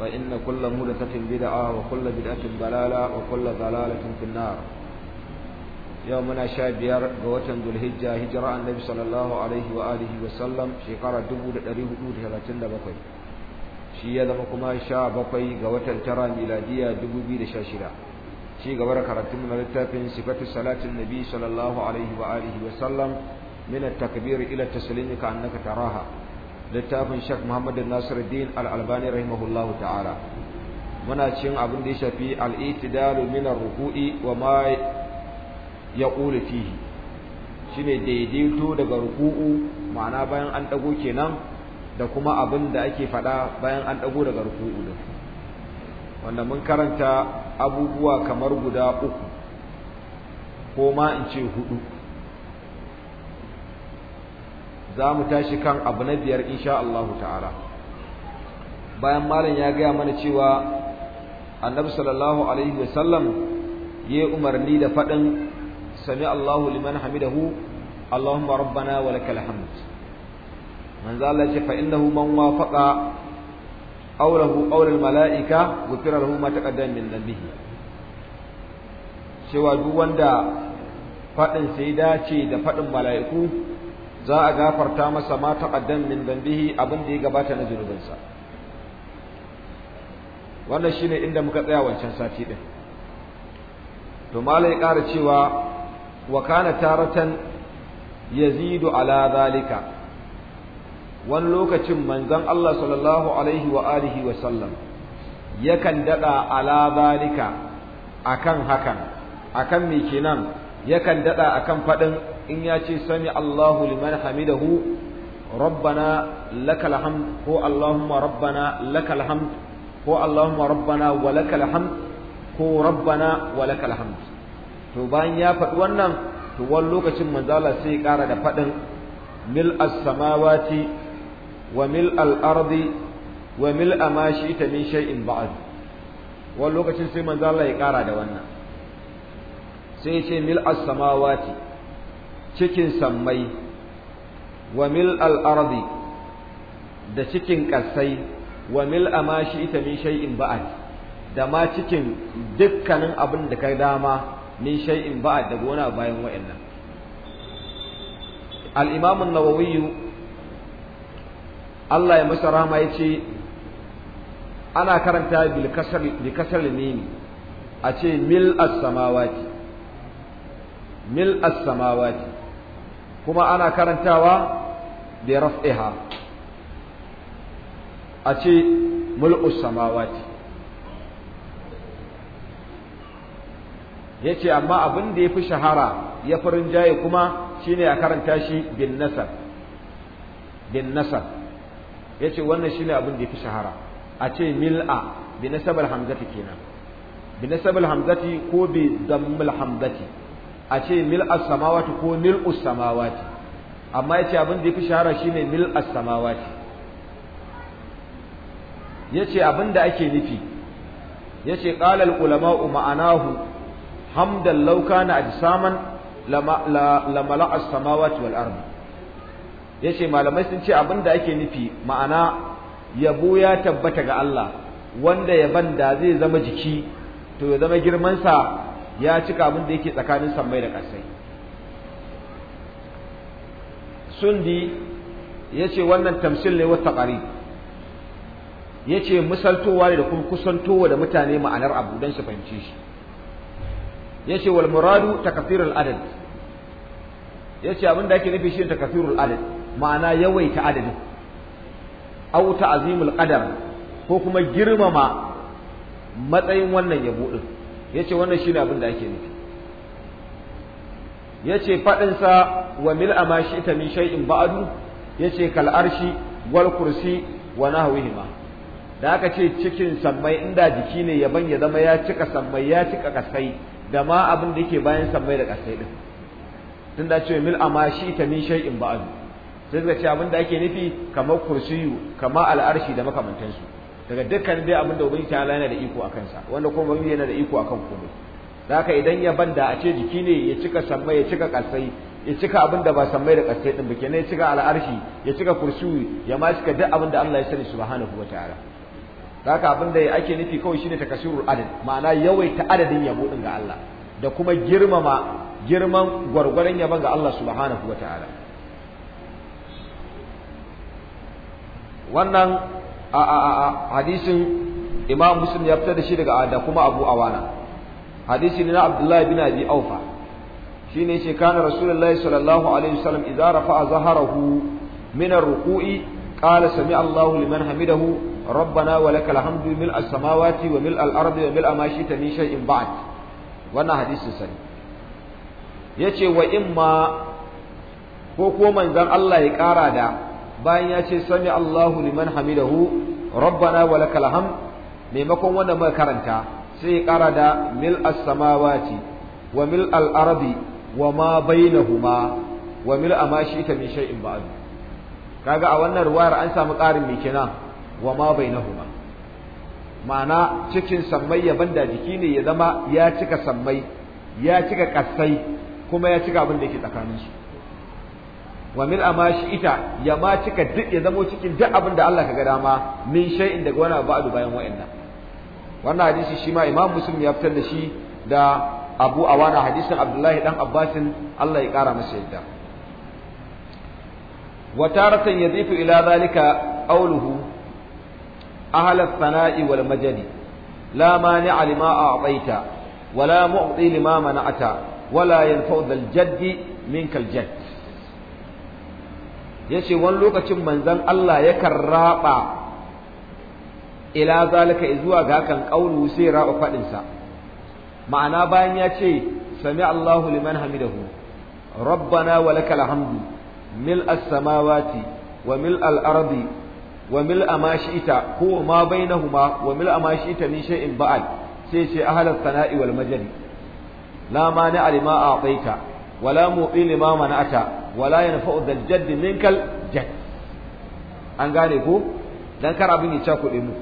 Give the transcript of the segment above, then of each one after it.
فإن كل مودثة بدعة وكل بدعة ضلالة وكل ضلالة في النار يومنا شابير قوتن ذو الهجة هجرة النبي صلى الله عليه وآله وسلم شكرا دبو لأريه أود هلاتن بقي شيئا دمكما شاء بقي قوتن ترى ميلادية دبو بيد شاشرة شيء قبر كرتم من صفة صلاة النبي صلى الله عليه وآله وسلم من التكبير إلى التسليم كأنك تراها littafin shak muhammadu nasiruddin al'albani rahimahullahu ta'ala muna cin abin da ya shafi al'itidalu minar ruku'i wa ma ya ƙuli fihi ne daidaito daga ruku'u ma'ana bayan an ɗago kenan da kuma abin da ake faɗa bayan an ɗago daga ruku'u da wanda mun karanta abubuwa kamar guda uku ko ma in ce hudu za mu tashi kan abu na biyar insha Allah ta'ala bayan malam ya gaya mana cewa annabi sallallahu alaihi wasallam ya umarni da faɗin sami Allahu liman hamidahu Allahumma rabbana wa lakal hamd manzo Allah ce fa innahu man wafaqa qawluhu qawl al malaika ghufira lahu ma taqaddama min dhanbihi cewa duk wanda faɗin sai dace da faɗin mala'iku za a gafarta masa ma taqaddam min dambihi abin da ya gabata na zunubinsa wannan shine inda muka tsaya wancan sati ɗin. to malai ya ƙara cewa wa kana taratan yazidu ala zalika wani lokacin manzon Allah sallallahu alaihi wa alihi wa sallam yakan dada ala zalika akan hakan akan me kenan yakan daɗa a kan faɗin in ya ce sami Allahu liman hamidahu rabbana lakal hamd ko Allahumma rabbana lakal hamd ko Allahumma rabbana wa lakal hamd ko rabbana wa lakal hamd to bayan ya faɗi wannan to wani lokacin manzala sai ya ƙara da faɗin mil as-samawati wa mil al-ardi wa mil ma ta min shay'in ba'd wani lokacin sai manzala ya ƙara da wannan sai ce mil samawati cikin sammai wa mil al da cikin ƙasai wa mil shi ita min shay'in ba'ad da ma cikin dukkanin abin da ka dama min shay'in ba'ad daga wani bayan wa'annan Al'imamin imam Allah ya masa ya ce ana karanta bil kasar ne a ce mil samawati mil as-samawati kuma ana karantawa bi raf'iha a ce mulku samawati yace amma abin da yafi shahara ya farin jaye kuma shine a karanta shi bin nasab bin nasab yace wannan shine abin da yafi shahara a ce mil'a bi nasab al-hamzati kenan bi nasab al-hamzati ko bi damm al-hamzati a ce mil samawati ko mil us-samawati amma yace abin da ya fi shahara shi ne mil as ya yace abin da ake nufi yace ce al-ulama'u ma'anahu hamdan na aji saman lamala as-samawati wal ardi yace malamai sun ce abin da ake nufi ma'ana yabo ya tabbata ga Allah wanda yaban da zai zama jiki to ya zama girmansa. ya cika abin da yake tsakanin sammai da ƙasai sundi ya ce wannan tamsil ne wata ƙari ya ce misaltowa ne da kuma kusantowa da mutane ma'anar abu don su fahimce shi ya ce wal muradu takafirul adad ya ce abin da ake nufi shi takafirul adad ma'ana yawaita adadin au azimul qadar ko kuma girmama matsayin wannan yabo din yace wannan shi ne abin da ake nufi yace ce sa wa mil amashi ta min shay'in ba'adu yace kal arshi wal kursi wa nahwihima da aka ce cikin sammai inda jiki ne yaban ya zama ya cika sammai ya cika kasai da ma abin da yake bayan sammai da kasai din tun da ce mil amashi ta min in ba'adu sai suka ce abin da ake nufi kamar kursiyu kamar al'arshi da makamantansu daga dukkan dai abin da ubangiji Allah yana da iko akan sa wanda kuma ubangiji yana da iko akan komai zaka idan ya banda a ce jiki ne ya cika samba ya cika kasai ya cika abin da ba samai da kasai din ba kenan ya cika al'arshi ya cika kursu ya ma cika duk abin da Allah ya sani subhanahu wataala zaka abin da ake nufi kawai shine takasirul adad ma'ana yawaita adadin yabo din ga Allah da kuma girmama girman gwargwaron yabon ga Allah subhanahu wataala wannan A'a, a hadisin imam muslim ya fita da shi daga da kuma abu awana hadisi na abdullahi bin abi aufa shine yace kana rasulullahi sallallahu alaihi wasallam idza rafa'a zaharahu min ar-ruku'i qala sami Allahu liman hamidahu rabbana wa lakal hamdu mil as-samawati wa mil al wa mil ma shi'ta min shay'in ba'd wannan hadisin sani yace wa imma ko ko manzon Allah ya kara da bayan ya ce sami Allahu liman hamidahu rabbana wa lakal ham maimakon wanda muka karanta sai ya kara da mil as-samawati wa mil al-ardi wa ma bainahuma wa mil ma ta min shay'in ba'd kaga a wannan ruwayar an samu karin me kenan wa ma bainahuma ma'ana cikin sammai ya banda jiki ne ya zama ya cika sammai ya cika kasai kuma ya cika abin da yake tsakaninsu wa min amma shi ita ya ma cika duk ya zamo cikin duk abin da Allah ka ga dama min shay'in daga wani ba'du bayan wa'annan wannan hadisi shi ma Imam Muslim ya fitar da shi da Abu Awana hadisin Abdullahi dan Abbasin Allah ya kara masa yadda wa taratan yadifu ila zalika qawluhu أهل الثناء والمجد لا مانع لما أعطيت ولا معطي لما منعت ولا ينفع الجد منك الجد ya ce wani lokacin manzan Allah yakan raba ila zalika zuwa ga kan ƙaunu sai raɓa faɗinsa ma'ana bayan ya ce sami Allahu liman hamidahu rabbana wa lakal hamdu mil as-samawati wa mil al-ardi wa mil ma ko ma bainahuma wa mil ma min shay'in ba'al sai ce ahlas sana'i wal majdi la mani alima a'taita wala mu'il limama mana'ata wala yanfa'u dhal jadd minkal jadd an gane ko dan kar abin ya cakuɗe mu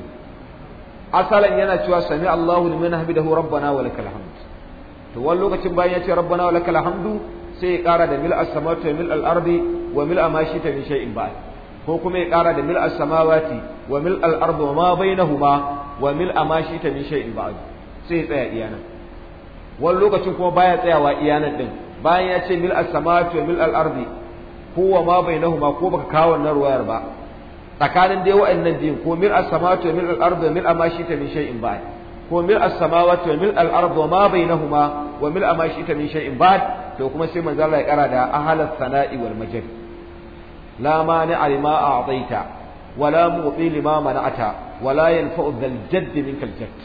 asalan yana cewa sami Allahu liman hamidahu rabbana wa lakal hamd to wani lokacin bayan ya ce rabbana wa lakal hamdu sai ya ƙara da mil as-samawati wa mil al-ardi wa mil ma shi ta min shay'in ba'd ko kuma ya ƙara da mil as-samawati wa mil al-ardi wa ma bainahuma wa mil ma shi ta min shay'in ba'd sai ya tsaya iyana wani lokacin kuma baya tsayawa iyanan din bayan ya ce mil as-samawati mil al-ardi huwa ma bainahuma ko baka kawo wannan ruwayar ba tsakanin dai wa'annan biyun ko mil as-samawati mil al wa mil ma shi'ta min shay'in ba ko mil as-samawati mil al wa ma bai bainahuma wa mil ma shi'ta min shay'in ba to kuma sai manzo Allah ya kara da ahalas sana'i wal majid la mani alima a'taita ولا مغطي لما منعت ولا ينفع ذا الجد منك الجد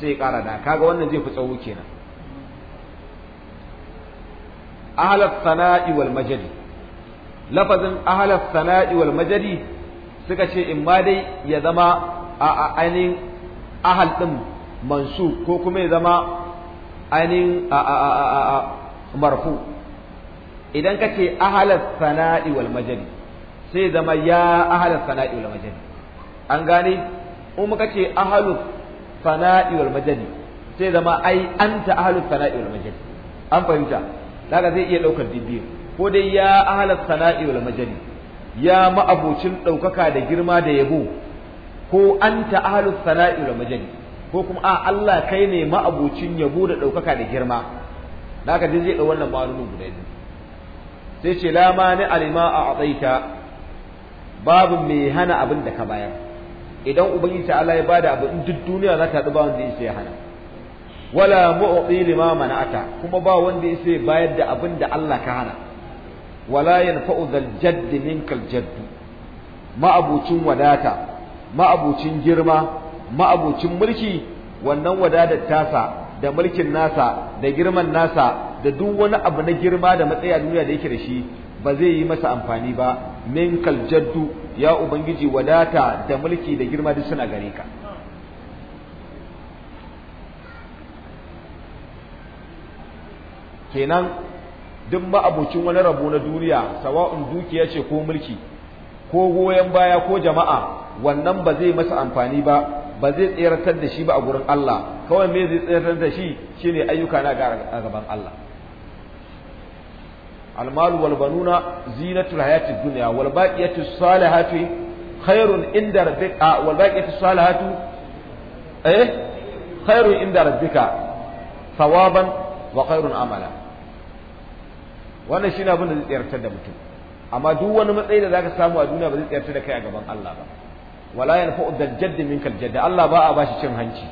sai ƙara da kaga wannan zai fi tsawo kenan ahalar sana'i wal majadi lafazin ahalar sana'i wal suka ce in ma dai ya zama a ainihin ahal ɗin mansu ko kuma ya zama ainihin marfu idan ka ce ahalar sana'i wal majadi sai zama ya ahalar sana'i wal majadi an gane in muka ce ahalar sana'i wal majadi sai zama ai anta ahalar sana'i wal majadi an fahimta kaga zai iya daukar dibbiyu ko dai ya ahalat sana'i wal majali ya ma'abocin ɗaukaka da girma da yabo ko anta ahalus sana'i wal majali ko kuma a Allah kai ne maabucin yabo da ɗaukaka da girma kaga dai zai da wannan ma'anunin guda biyu sai ce la ma ni alima a ataita babu mai hana abin da ka bayar idan ubangiji ta Allah ya bada abu in duk duniya za ta haɗu ba wanda ya hana wala mu'ti lima mana'ata kuma ba wanda yake bayar da abin da Allah ka hana wala yanfa'u zal jadd minkal jadd ma'abucin wadata ma'abucin girma ma'abucin mulki wannan wadatar tasa da mulkin nasa da girman nasa da duk wani abu na girma da matsayi a duniya da yake da shi ba zai yi masa amfani ba minkal jaddu ya ubangiji wadata da mulki da girma duk suna gare ka kenan duk ma'abocin wani rabo na duniya sawa'un dukiya ce ko mulki ko goyon baya ko jama'a wannan ba zai masa amfani ba ba zai tseratar da shi ba a gurin Allah kawai me zai tseratar da shi shine ayyuka na a gaban Allah almalu wal banuna zinatul hayatid dunya wal baqiyatus salihatu khairun inda rabbika wal baqiyatus salihatu eh khairun inda rabbika thawaban wa khairun amala wannan shine abin da zai tsayartar da mutum amma duk wani matsayi da zaka samu a duniya ba zai tsayartar da kai a gaban Allah ba wala yanfa'u dajjad minkal jadd Allah ba a bashi cin hanci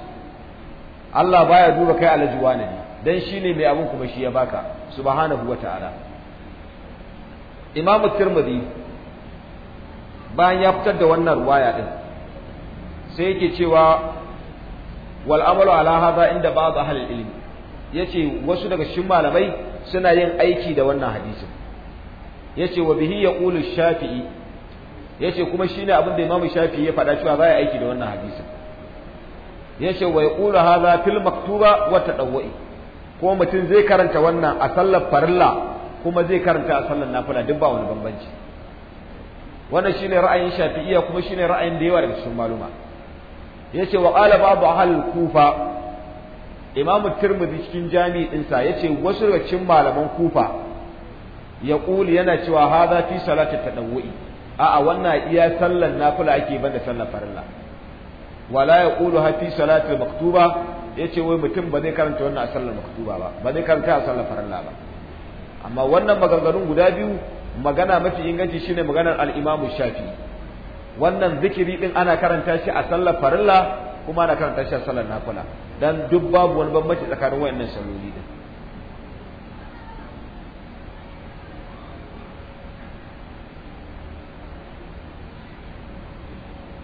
Allah baya duba kai alajuwa ne dan shine mai abin kuma shi ya baka subhanahu wata'ala Imam Tirmidhi bayan ya fitar da wannan ruwaya din sai yake cewa wal amalu ala hadha inda ba'd ahli ilmi yace wasu daga cikin malamai suna yin aiki da wannan hadisin yace wa bihi ya yaqulu shafi'i yace kuma shine abin da imamu shafi'i ya faɗa cewa za a aiki da wannan hadisin yace wa ha za fil maktuba wa ɗauwa'i ko mutum zai karanta wannan a sallar farilla kuma zai karanta a sallar nafila duk ba wani bambanci wannan shine ra'ayin shafi'iyya kuma shine ra'ayin da yawa daga cikin maluma yace wa kala babu ahal kufa imam tirmidhi cikin jami'i dinsa yace wasu daga malaman kufa ya ƙuli yana cewa hadha fi salati tadawwi a'a wannan iya sallan nafila ake banda sallar farilla wala ya ƙulu fi salati maktuba yace wai mutum ba zai karanta wannan a sallar maktuba ba ba zai karanta a sallar farilla ba amma wannan maganganun guda biyu magana mafi inganci shine maganar al-imamu shafi wannan zikiri din ana karanta shi a sallar farilla kuma ana karanta tashar salar na nafila dan duk babu wani bambanci tsakanin wayannan salloli din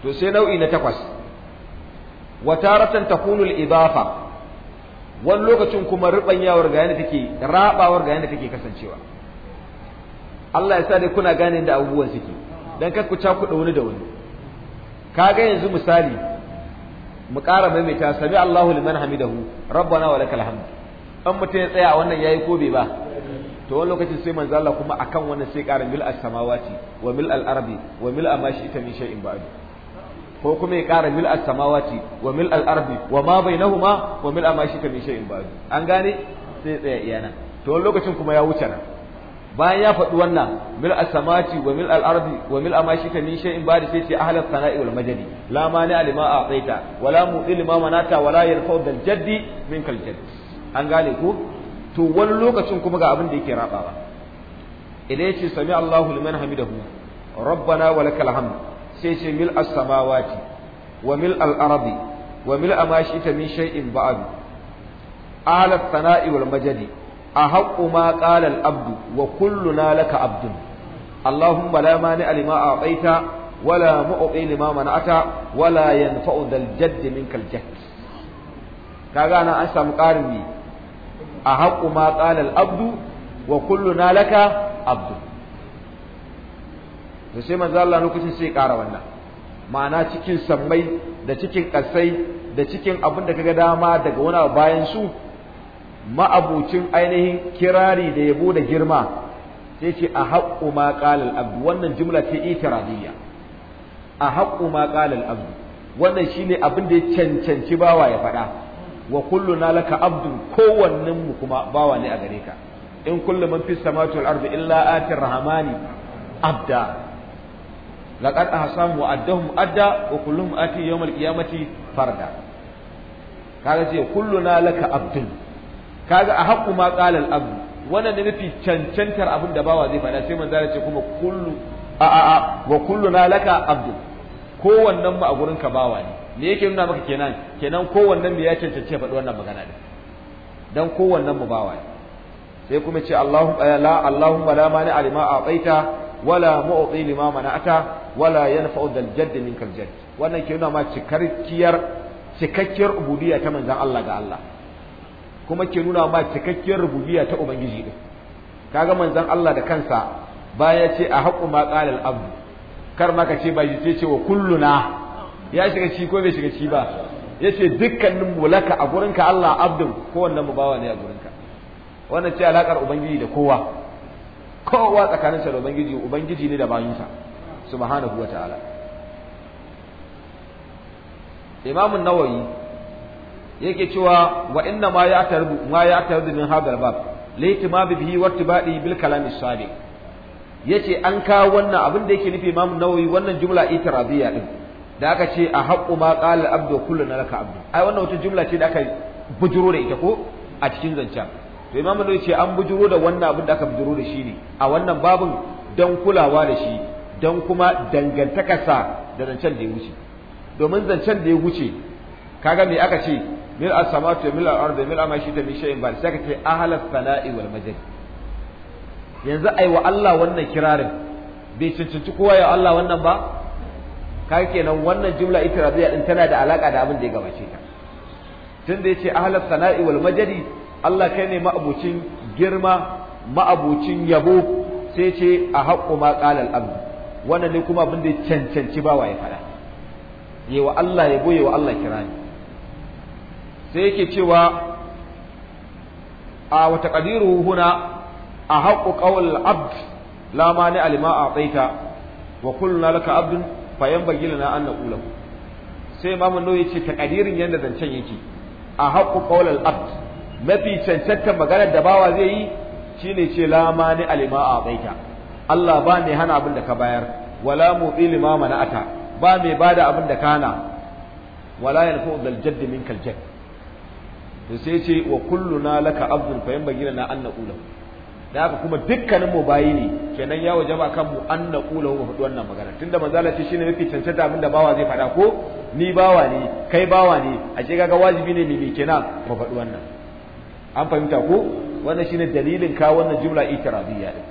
to sai nau'i na takwas wa taratan takunu al-idafa wani lokacin kuma rubanyawar ga yanda take rabawar ga yanda take kasancewa Allah ya sa dai kuna gane da abubuwan suke dan kar ku cakuɗa wani da wani ga yanzu misali mu ƙara maimaita sami Allahu liman hamidahu rabbana wa lakal hamd an mutum ya tsaya a wannan yayi ko bai ba to wani lokacin sai manzo Allah kuma akan wannan sai ƙara mil as-samawati wa mil al-ardi wa mil ma shi'ta min shay'in ba'd ko kuma ya ƙara mil as-samawati wa mil al-ardi wa ma bainahuma wa mil ma shi'ta min shay'in ba'd an gane sai tsaya iyana to wani lokacin kuma ya wuce nan bayan ya faɗi wannan mil as-samati wa mil al wa mil ma shika min in ba da sai ce ahla sana'i wal majdi la mani alima a'taita wa la mu'il ma manata wa la yarfa'u dal jaddi min kal jaddi an gane ku. to wani lokacin kuma ga abin da yake rabawa idan yace sami Allahu liman hamidahu rabbana wa lakal hamd sai ce mil as-samawati wa mil al wa mil ma shika min in ba'adu, ahla sana'i wal majdi a haƙƙu ma ƙalal abdu wa kulluna laka abdun allahumma la mani alima a baita wala mu'uqi lima mana'ata wala yanfa'u dal jadd minkal jadd kaga an samu ƙarin ne a haƙƙu ma ƙalal abdu wa kulluna sai manzo Allah lokacin sai ƙara wannan ma'ana cikin sammai da cikin ƙasai da cikin abin da kaga dama daga wani bayan su ma'abucin ainihin kirari da yabo da girma sai ce a haƙƙu ma ƙalal abdu wannan jumla ce itiradiyya a haƙƙu ma ƙalal abdu wannan shine abin da ya cancanci bawa ya faɗa wa kullu na laka abdun kowannen mu kuma bawa ne a gare ka in kullu man fis samawati wal ardi illa atir rahmani abda laqad ahsanu wa addahum adda wa kulluhum ati yawmal qiyamati farda kaga ce kullu na laka abdun kaga a haƙƙu ma qala al wannan da nufi cancantar abin da bawa zai faɗa sai manzo ce kuma kullu a a a wa kulluna laka abdu kowannen mu a gurin ka bawa ne me yake nuna maka kenan kenan kowannen mu ya cancanci ya faɗi wannan magana din dan kowannen mu bawa ne sai kuma ce Allahu eh, la Allahumma la mani alima a'taita wala mu'ti lima mana'ata wala yanfa'u dal jadd minkal jadd wannan ke nuna ma cikarkiyar cikakkiyar ubudiyya ta manzon Allah ga Allah kuma ke nuna ma cikakkiyar rububiyya ta ubangiji din kaga manzon Allah da kansa baya ce a haqu ma qala al abd kar ma ka ce ba ji ce wa kulluna ya shiga ci ko bai shiga ci ba yace dukkanin mulaka a gurinka Allah abdun wannan mu bawa ne a gurinka wannan ce alakar ubangiji da kowa kowa tsakaninsa da ubangiji ubangiji ne da bayinsa subhanahu wataala imamu nawawi yake cewa wa inna ma ya tarbu ma ya tarbu min hadal bab laitima bihi wa bil kalam sabiq yace an kawo wannan abin da yake nufi Imam Nawawi wannan jumla itiradiyya din da aka ce a haqqu ma qala abdu kullu nalaka abdu ai wannan wata jumla ce da aka bujuro da ita ko a cikin zancen to Imam Nawawi ce an bujuro da wannan abin da aka bujuro da shi ne a wannan babun dan kulawa da shi dan kuma dangantakarsa da zancen da ya wuce domin zancen da ya wuce kaga me aka ce mil asamatu, samawati mil al-ardi mil ma shi ta min shay'in ba sai ka ce ahlal fala'i wal majid yanzu ai wa Allah wannan kirarin bai cancanci kowa ya Allah wannan ba kai kenan wannan jumla ita itirabiyya din tana da alaka da abin da ya gabace ta tunda yace ahlal sana'i wal majid Allah kai ne ma'abucin girma ma'abucin yabo sai ce a haqqu ma qala al-abd wannan ne kuma abin da ya cancanci wa ya faɗa yewa Allah yabo wa Allah kirani sai yake cewa a wata ƙadiru huna a haƙƙo ƙawal abd la ne alima a tsaita wa na laka abdun fayan bagila na annan ƙulam sai imamun ce yace taƙadirin yadda zancen yake a haƙƙo ƙawal abd mafi cancantar maganar da bawa zai yi shine ce la ne alima a tsaita Allah ba ne hana abin da ka bayar wala limama na ata ba mai bada abin da ka hana wala yanfu zal jadd minkal da sai ce wa kulluna laka abdul fa gina na an naqula da haka kuma dukkanin mu bayi ne kenan ya wajaba kan mu an naqula wa hudu wannan magana tunda manzala ce shine mafi cancanta abin da bawa zai fada ko ni bawa ne kai bawa ne ce kaga wajibi ne ne kenan mu faɗi wannan an fahimta ko wannan shine dalilin ka wannan jumla itirabiyya din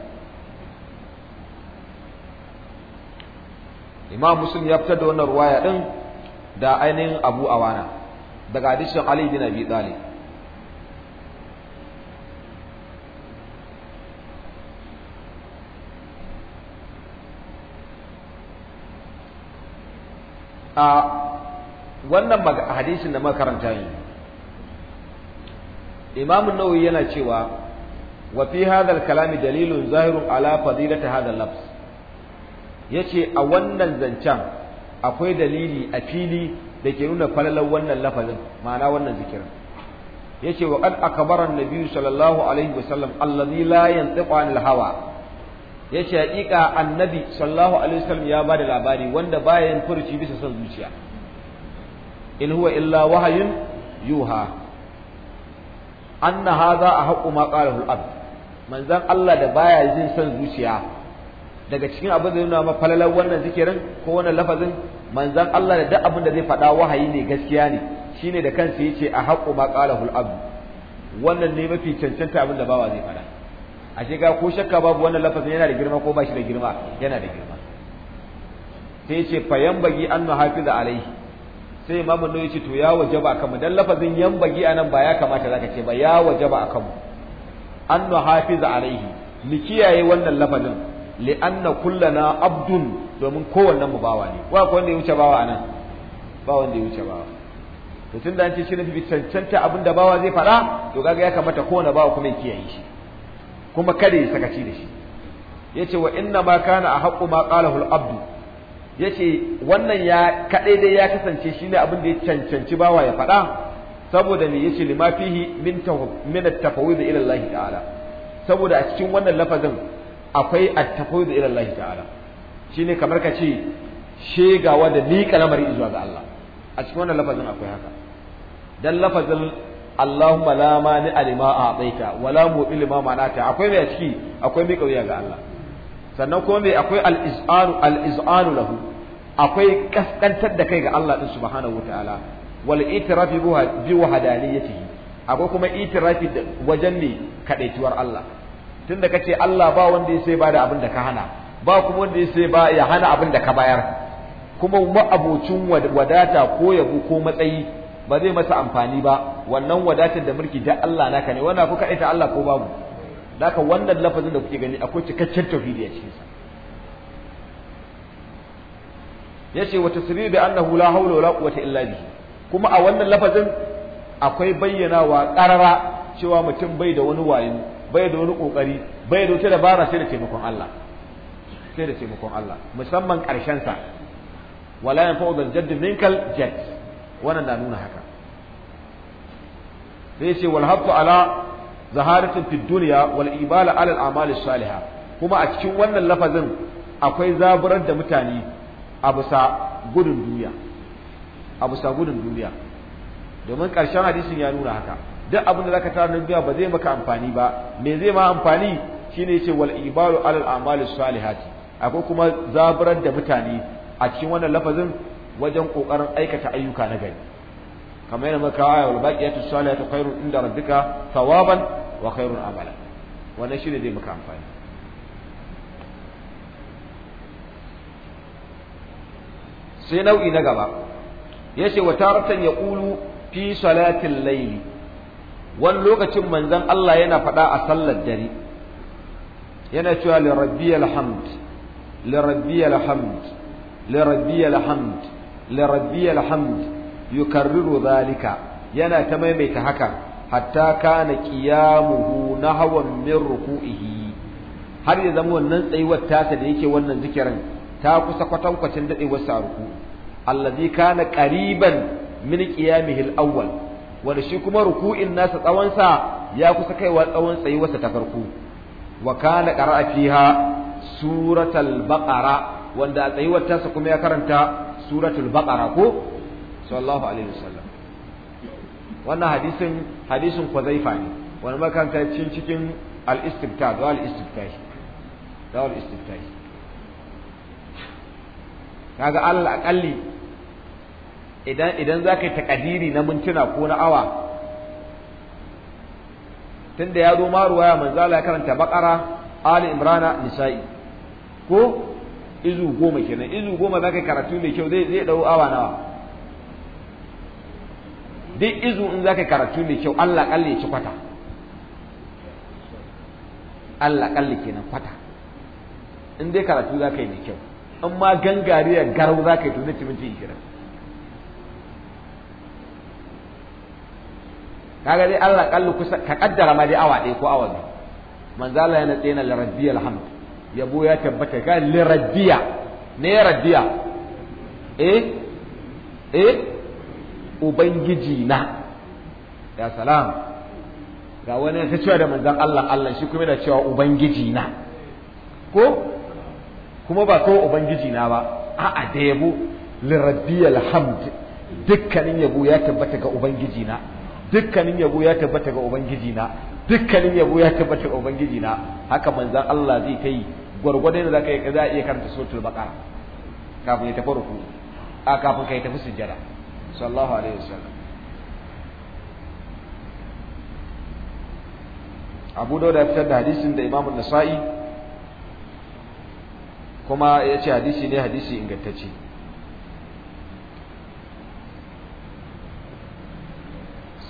imam muslim ya fitar da wannan ruwaya din da ainihin abu awana daga hadisin ali bin abi talib a wannan hadisin da makaranta ne imamu nawawi yana cewa wa fi hadal kalami dalilun zahirun ala fadilati hadal lafs yace a wannan zancen akwai dalili a fili da ke nuna falalar wannan lafazin ma'ana wannan zikirin yace wa qad akbara an-nabi sallallahu alaihi wasallam allazi la yantiqu anil hawa yace haƙiƙa annabi sallallahu alaihi wasallam ya bada labari wanda baya yin furuci bisa son zuciya in huwa illa wahayin yuha anna hadha ahqqu ma qala al-abd manzan Allah da baya yin son zuciya daga cikin abin da nuna mafalalar wannan zikirin ko wannan lafazin manzan Allah da duk abin da zai faɗa wahayi ne gaskiya ne shine da kansa yace ahqqu ma qala al-abd wannan ne mafi cancanta abin da bawa zai faɗa ashe ga ko shakka babu wannan lafazin yana da girma ko ba shi da girma yana da girma sai ce fa yambagi an da alaihi sai imamu ne yace to ya wajaba akan mu dan lafazin a anan ba ya kamata zaka ce ba ya wajaba akan mu an da alaihi mu kiyaye wannan lafazin li'anna kullana abdun domin kowannen mu bawa ne wa ko wanda ya wuce bawa anan ba wanda ya wuce bawa to tunda an ce shi ne bi cancanta abinda bawa zai fara to kaga ya kamata kowanne bawa kuma ya kiyaye shi kuma kada ya sakaci da shi yace wa inna ma kana a haqqu ma qalahu al-abd yace wannan ya kade dai ya kasance shine abin da ya cancanci bawa ya faɗa saboda me yace lima fihi min min at-tafawud ila Allah ta'ala saboda a cikin wannan lafazin akwai at-tafawud ila Allah ta'ala shine kamar ka ce shegawa da liƙa lamari zuwa ga Allah a cikin wannan lafazin akwai haka dan lafazin Allahumma la mani alima a tsaika wala mu ilima manata akwai mai ciki akwai mai kauya ga Allah sannan kuma mai akwai al-iz'anu al-iz'anu lahu akwai kaskantar da kai ga Allah din subhanahu wataala wal itirafi bi wahdaniyatihi akwai kuma itirafi wajen ne kadaituwar Allah tunda kace Allah ba wanda ya sai bada abin da ka hana ba kuma wanda ya sai ba ya hana abin da ka bayar kuma ma'abocin wadata ko yabo ko matsayi ba zai masa amfani ba wannan wadatar da mulki da Allah naka ne wannan kuka ita Allah ko babu haka wannan lafazin da kuke gani akwai cikakken tauhidi a cikin sa yace wa tasribi bi annahu la hawla wala quwwata illa bihi kuma a wannan lafazin akwai bayyanawa qarara cewa mutum bai da wani wayin bai da wani kokari bai da wata dabara sai da taimakon Allah sai da taimakon Allah musamman karshen sa wala yanfa'u bil jadd minkal jadd wannan na nuna haka sai ce wal haqqu ala zaharatin fid dunya wal ibala ala al amali salihah kuma a cikin wannan lafazin akwai zaburar da mutane a bisa gudun duniya a bisa gudun duniya domin ƙarshen hadisin ya nuna haka duk abin da zaka tara na duniya ba zai maka amfani ba me zai ma amfani shine yace wal ibalu ala al amali salihah akwai kuma zaburar da mutane a cikin wannan lafazin wajen ƙoƙarin aikata ayyuka na gari kamar yana maka aya wal baqiyatu salihatu khairun inda rabbika thawaban wa khairun amala wannan shine zai maka amfani sai nau'i na gaba yace wa ya ƙulu fi salatin laili? wani lokacin manzon Allah yana faɗa a sallar dare yana cewa li hamd li rabbiyal hamd li hamd لربي الحمد يكرر ذلك ينا تميميت هكا حتى كان قيامه hawan من ركوعه har ya zama wannan tsayuwar tasa da yake wannan zikirin ta kusa kwatankwacin dadewar sa ruku allazi kana qariban min qiyamihi al-awwal wanda shi kuma ruku'in nasa tsawon sa ya kusa kaiwa tsawon tsayuwar sa ta farko wa kana qara'a fiha suratal baqara wanda a tsayuwar tasa kuma ya karanta suratul baqara ko sallallahu alaihi wasallam wannan hadisin hadisin Huzaifa ne wani makanta cikin cikin al-istifta da al-istiftai da al-istiftai kaga alal aqalli idan idan zaka yi takadiri na mintuna ko na awa tunda ya zo ma ruwaya manzo Allah ya karanta baqara ali imrana nisa'i ko izu goma kenan izu goma za ka karatu mai kyau zai zai awa nawa duk izu in za ka karatu mai kyau Allah kalle ya ci kwata Allah kalle kenan kwata in dai karatu za ka yi mai kyau in ma gangariya garau za ka yi to zai ci minti ishirin kaga dai Allah kalle kusa ka kaddara ma dai awa ɗaya ko awa biyu manzala yana tsena lirabbiyal hamd yabo ya tabbata ga liradiya ne radiya eh eh ubangiji na ya salam ga wani ya cewa da manzon Allah Allah shi kuma yana cewa ubangiji na ko kuma ba ko ubangiji na ba a'a da yabo liradiyal hamd dukkanin yabo ya tabbata ga ubangiji na dukkanin yabo ya tabbata ga ubangiji na dukkanin yabo ya tabbata ga ubangiji na haka manzon Allah zai kai gwargwadon da zaka yi za a iya karanta suratul baqara kafin ya tafi ruku a kafin ka yi tafi sujjada sallallahu alaihi wasallam Abu Dawud ya fitar da hadisin da Imam Nasa'i kuma ya ce hadisi ne hadisi ingantacce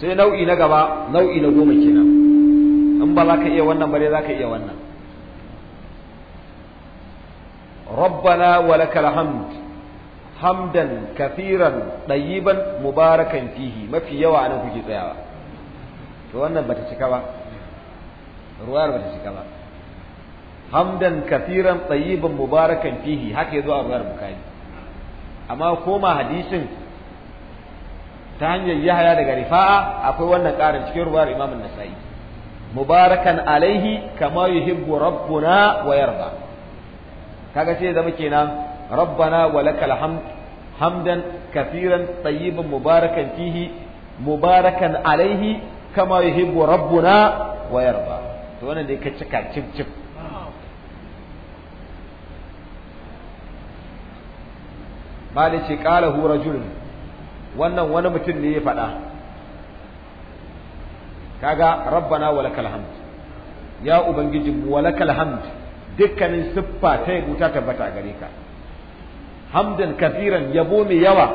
sai nau'i na gaba nau'i na goma kenan in ba za ka iya wannan bare za ka iya wannan rabbana wa lakal hamd hamdan kafiran ɗayyiban mubarakan fihi mafi yawa nan kuke tsayawa to wannan bata cika ba ruwayar bata cika ba hamdan kafiran ɗayyiban mubarakan fihi haka yazo a ruwayar bukari amma koma hadisin ta hanyar yahaya daga rifa'a akwai wannan ƙarin cikin ruwayar imamun nasa'i mubarakan alaihi kama yuhibbu rabbuna wa yarda kaga sai zama kenan rabbana walakal hamd hamdan kathiran tayyiban mubarakan fihi mubarakan alaihi kama yuhibbu rabbuna wa yarda to wannan dai ka cika cip cip Malik ce kala hu rajul wannan wani mutum ne ya faɗa kaga rabbana walakal hamd ya ubangiji walakal hamd dukkanin siffa ta yabo ta tabbata gare ka hamdan kafiran yabo mai yawa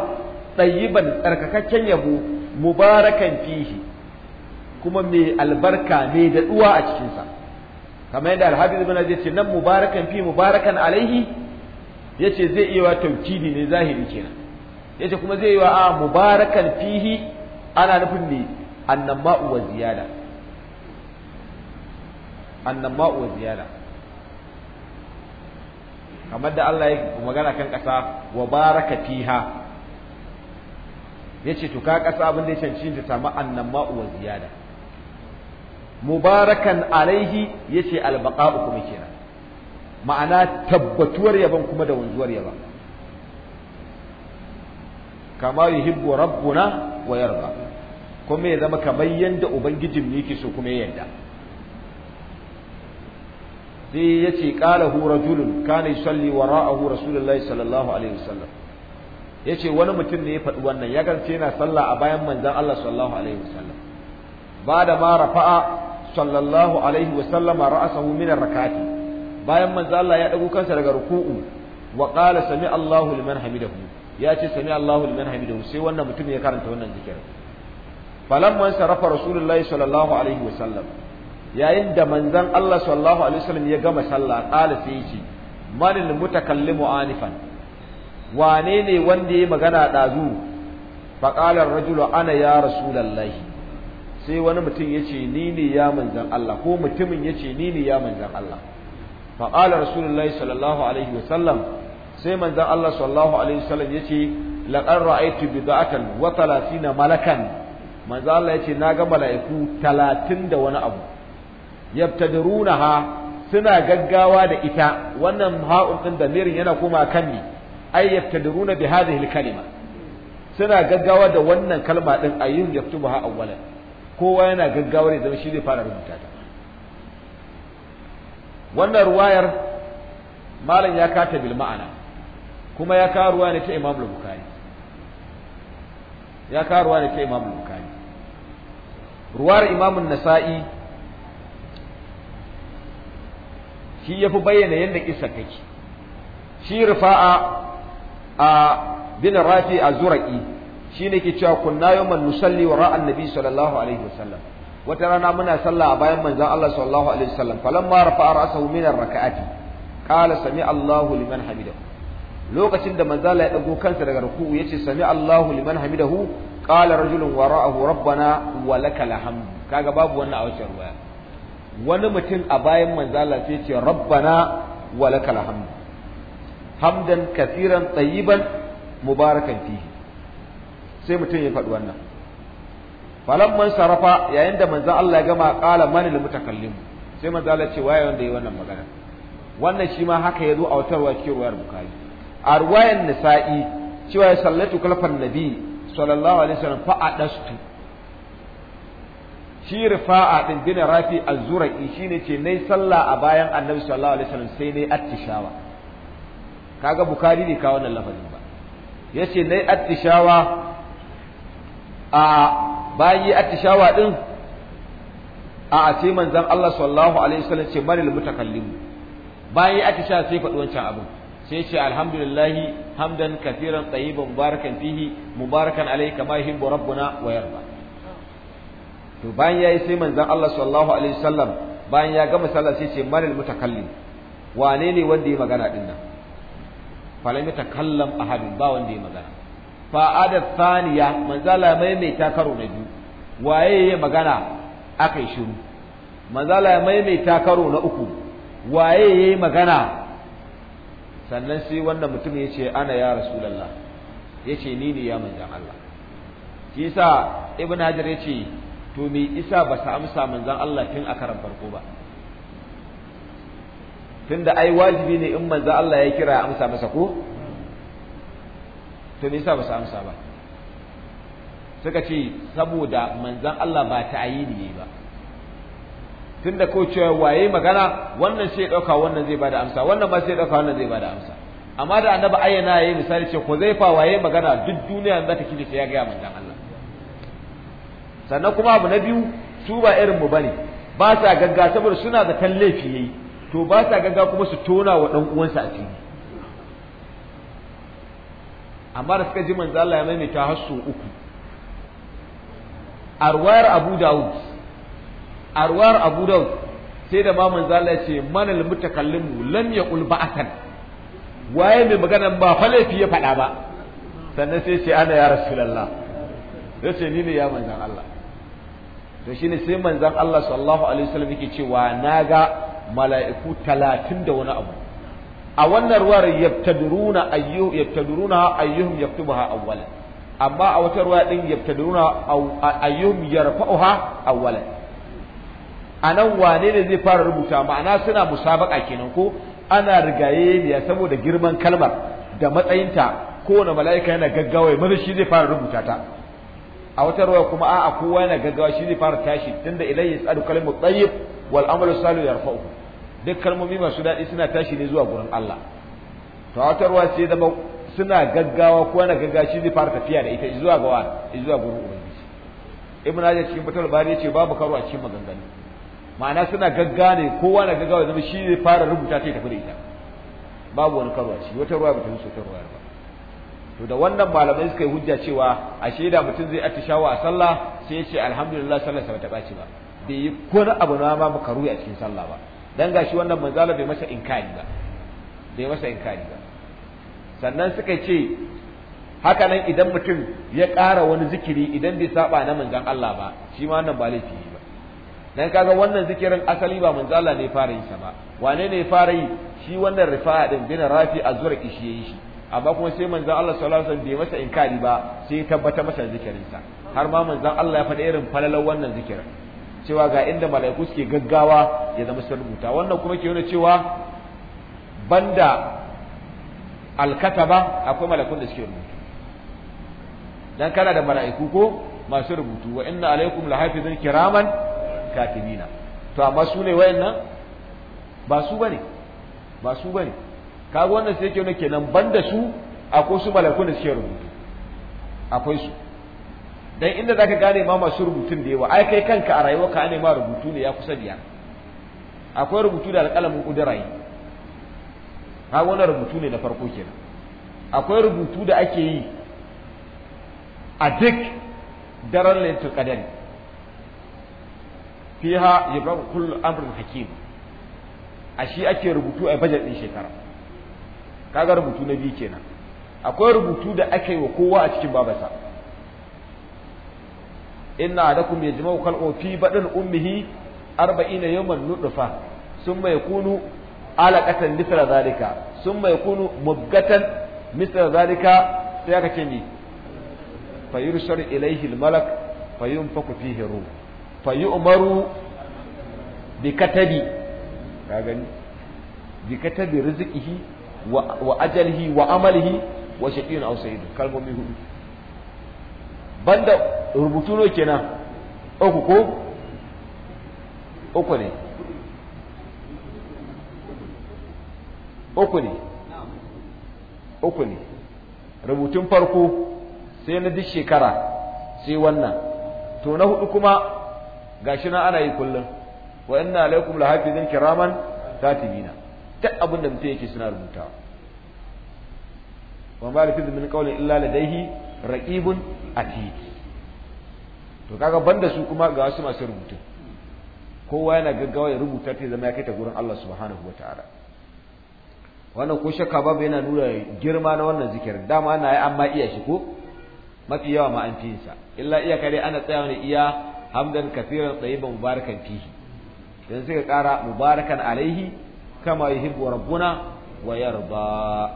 tsayiban tsarkakakken yabo mubarakan fihi kuma mai albarka mai daɗuwa a cikinsa kamar yadda alhafiz bin zai ce nan mubarakan fi mubarakan alaihi yace zai iya wa taukidi ne zahiri kenan yace kuma zai yi wa a mubarakan fihi ana nufin ne annan wa ziyada annan wa ziyada kamar da Allah ya magana kan ƙasa wa baraka fiha yace to ka ƙasa abin da ya cancanci ta samu annama wa ziyada mubarakan alaihi yace albaqa'u kuma kenan ma'ana tabbatuwar yaban kuma da wanzuwar yaban kama yuhibbu rabbuna wa yarda kuma ya zama kamar yanda ubangijin ne yake so kuma ya yarda sai ya ce qalahu rajulun kana yusalli wara'ahu rasulullahi sallallahu alaihi wasallam yace wani mutum ne ya faɗi wannan ya gance yana sallah a bayan manzon Allah sallallahu alaihi wasallam ba da ma rafa'a sallallahu alaihi wasallama ra'asahu min ar-rak'ati bayan manzon Allah ya dago kansa daga ruku'u wa qala sami Allahu liman hamidahu ya ce sami Allahu liman hamidahu sai wannan mutum ya karanta wannan zikirin falamma sarafa rasulullahi sallallahu alaihi wasallam yayin da manzon Allah sallallahu alaihi wasallam ya gama sallah qala sai yace manil mutakallimu anifan wane ne wanda ya magana dazu fa qala ar-rajulu ana ya rasulullah sai wani mutum yace ni ne ya manzon Allah ko mutumin yace ni ne ya manzon Allah fa qala rasulullah sallallahu alaihi wasallam sai manzon Allah sallallahu alaihi wasallam yace laqad ra'aytu bid'atan wa 30 malakan manzon Allah yace na ga mala'iku 30 da wani abu yabtadirunaha suna gaggawa da ita wannan ha'un din da mirin yana koma kan ni ay yabtadiruna bi hadhihi kalima suna gaggawa da wannan kalma din ayyun yaktubuha awwalan kowa yana gaggawa ne zama shi zai fara rubuta ta wannan ruwayar malam ya kata bil ma'ana kuma ya kawo ruwa ne ta Imam Bukhari ya kawo ruwa ne ta Imam Bukhari ruwar Imam Nasa'i shi ya fi bayyana yadda isa kake shi rufa'a a bin rafi a zuraki shi ne ke cewa kunna man musalli wa ra'an nabi sallallahu alaihi wasallam wata rana muna sallah a bayan manzon Allah sallallahu alaihi wasallam ma rafa'a ra'sahu min ar-raka'ati qala sami Allahu liman hamidahu lokacin da manzo Allah ya dago kansa daga ruku'u yace sami Allahu liman hamidahu qala rajulun wara'ahu rabbana wa lakal hamd kaga babu wannan a wacce ruwaya wani mutum a bayan manzala sai ce rabbana wa lakal hamd hamdan kasiran tayyiban mubarakan fihi sai mutum ya faɗi wannan falamman sarafa yayin da manzon Allah ya gama qala man lil mutakallim sai manzon Allah ce waye wanda yi wannan magana wannan shi ma haka yazo a wata ruwa cikin ruwayar bukari. a ruwayar nisa'i cewa sallatu kalfan nabi sallallahu alaihi wasallam fa adastu shi rifa'a din bin rafi az shi shine ce nayi sallah a bayan annabi sallallahu alaihi wasallam sai nayi attishawa kaga bukhari ne ka wannan lafazin ba yace nayi attishawa a bayan yi attishawa din a a sai manzon Allah sallallahu alaihi wasallam ce maril mutakallim bayan yi attishawa sai faɗi wancan abin sai ce alhamdulillah hamdan kafiran tayyiban mubarakan fihi mubarakan alayhi kama yuhibbu rabbuna wa yarda to bayan yayi sai manzon Allah sallallahu alaihi wasallam bayan ya gama sallah sai ce maril mutakallim wane ne wanda ya magana din nan falam yatakallam ahad ba wanda ya magana fa adat thaniya manzon Allah maimaita karo na biyu waye ya magana akai shiru manzon Allah maimaita karo na uku waye yayi magana sannan sai wannan mutum ya ce ana ya rasulullah ya ce ni ne ya manzon Allah shi yasa ibn hajar ya ce to me isa ba su amsa manzon Allah tun a karan farko ba tunda ai wajibi ne in manzon Allah ya kira ya amsa masa ko to me isa ba su amsa ba suka ce saboda manzon Allah ba ta ayi ne ba tunda ko cewa waye magana wannan sai dauka wannan zai bada amsa wannan ba sai dauka wannan zai bada amsa amma da annabi ayyana yayi misali ce ko zai fa waye magana duk duniya za ta kibe ya ga manzon Allah sannan kuma abu na biyu su ba irin mu bane ba sa gagga saboda suna da kan laifi yayi to ba sa gagga kuma su tona wa dan uwansa a fili amma da suka ji manzo Allah ya maimaita har uku arwar Abu daud arwar Abu daud sai da ma manzo Allah ya ce manal mutakallimu lam yaqul ba'atan waye mai magana ba fa laifi ya faɗa ba sannan sai ce ana ya rasulullah ce ni ne ya manzon Allah to shine sai manzon Allah sallallahu alaihi wasallam yake cewa naga mala'iku talatin da wani abu a wannan ruwar yabtaduruna ayyuhum yabtaduruna ayyuhum yaktubuha awwalan amma a wata ruwa din yabtaduruna ayyuhum yarfa'uha awwalan anan wane ne zai fara rubuta ma'ana suna musabaka kenan ko ana rigaye ne saboda girman kalmar da matsayinta kowane mala'ika yana gaggawa maza shi zai fara rubuta ta a wata ruwa kuma a kowa yana gaggawa shi zai fara tashi tunda ya tsadu kalmu tayyib wal amalu salih yarfa'u duk kalmomi masu daɗi suna tashi ne zuwa gurin Allah to a wata ruwa sai zama suna gaggawa kowa yana gaggawa shi zai fara tafiya da ita zuwa ga wa zuwa gurin ubangiji ibn hajar cikin fatul bari yace babu karo a cikin maganganu ma'ana suna gaggawa ne kowa na gaggawa zama shi zai fara rubuta ta tafi da ita babu wani karo a ciki wata ruwa ba ta so ta ruwa ba to da wannan malamai suka yi hujja cewa a shaida mutum zai atishawa a sallah sai ya ce alhamdulillah sallar sa bata ɓaci ba bai yi na abu na ma makaruhi a cikin sallah ba dan gashi wannan manzala bai masa inkari ba bai masa inkari ba sannan suka ce haka nan idan mutum ya ƙara wani zikiri idan bai saba na manzon Allah ba shi ma wannan ba laifi ba dan kaga wannan zikirin asali ba manzala ne fara yin sa ba wane ne fara yi shi wannan rifa'a din bin rafi azurqi shi yayin shi amma kuma sai manzon Allah sallallahu alaihi wasallam bai masa inkari ba sai tabbata masa zikirinsa har ma manzon Allah ya faɗi irin falalar wannan zikirin cewa ga inda mala'iku suke gaggawa ya zama sun rubuta wannan kuma ke nuna cewa banda alkataba akwai mala'ikun da suke rubutu dan kana da mala'iku ko masu rubutu wa inna alaikum lahafizun kiraman katibina to amma su ne wayannan ba su bane ba su bane kaga wannan sai yake kenan banda su akwai su malakun da suke rubutu akwai su dan inda zaka gane ma masu rubutun da yawa ai kai kanka a rayuwa ka ne ma rubutu ne ya kusa biya akwai rubutu da alƙalamin ƙudurayi ha wannan rubutu ne na farko kenan akwai rubutu da ake yi a duk daren laitul qadari fiha yabqa kullu amrin hakim a shi ake rubutu a bajet din shekara kaga rubutu na biyu kenan akwai rubutu da aka yi wa kowa a cikin babarsa inna adakum yajma'u khalqu fi badal ummihi 40 yawman nudfa thumma yakunu alaqatan mithla zalika mai yakunu mubgatan mithla zalika sai aka ce ni fa yurshar ilayhi almalak fa yunfaku fihi ruh fa yu'maru bi katabi ka gani bi katabi rizqihi wa ajalihi wa amalihi wa shaqiyun aw sa'id kalmomi hudu banda rubutu ne kenan uku ko uku ne uku ne uku ne rubutun farko sai na duk shekara sai wannan to na hudu kuma gashi na ana yi kullum wa inna alaikum lahafizin kiraman katibina duk abin da mutum yake suna rubuta wa ma lafi min qawlin illa ladayhi raqibun atid to kaga banda su kuma ga wasu masu rubutu kowa yana gaggawa ya rubuta ta zama ya kai ta gurin Allah subhanahu ta'ala wannan ko shakka babu yana nuna girma na wannan zikirin dama ana yi amma iya shi ko mafi yawa ma an fi sa illa iya kare ana tsayawa ne iya hamdan kafiran tsayiban mubarakan fihi dan sai ka kara mubarakan alaihi kama yuhibbu rabbuna wa yarda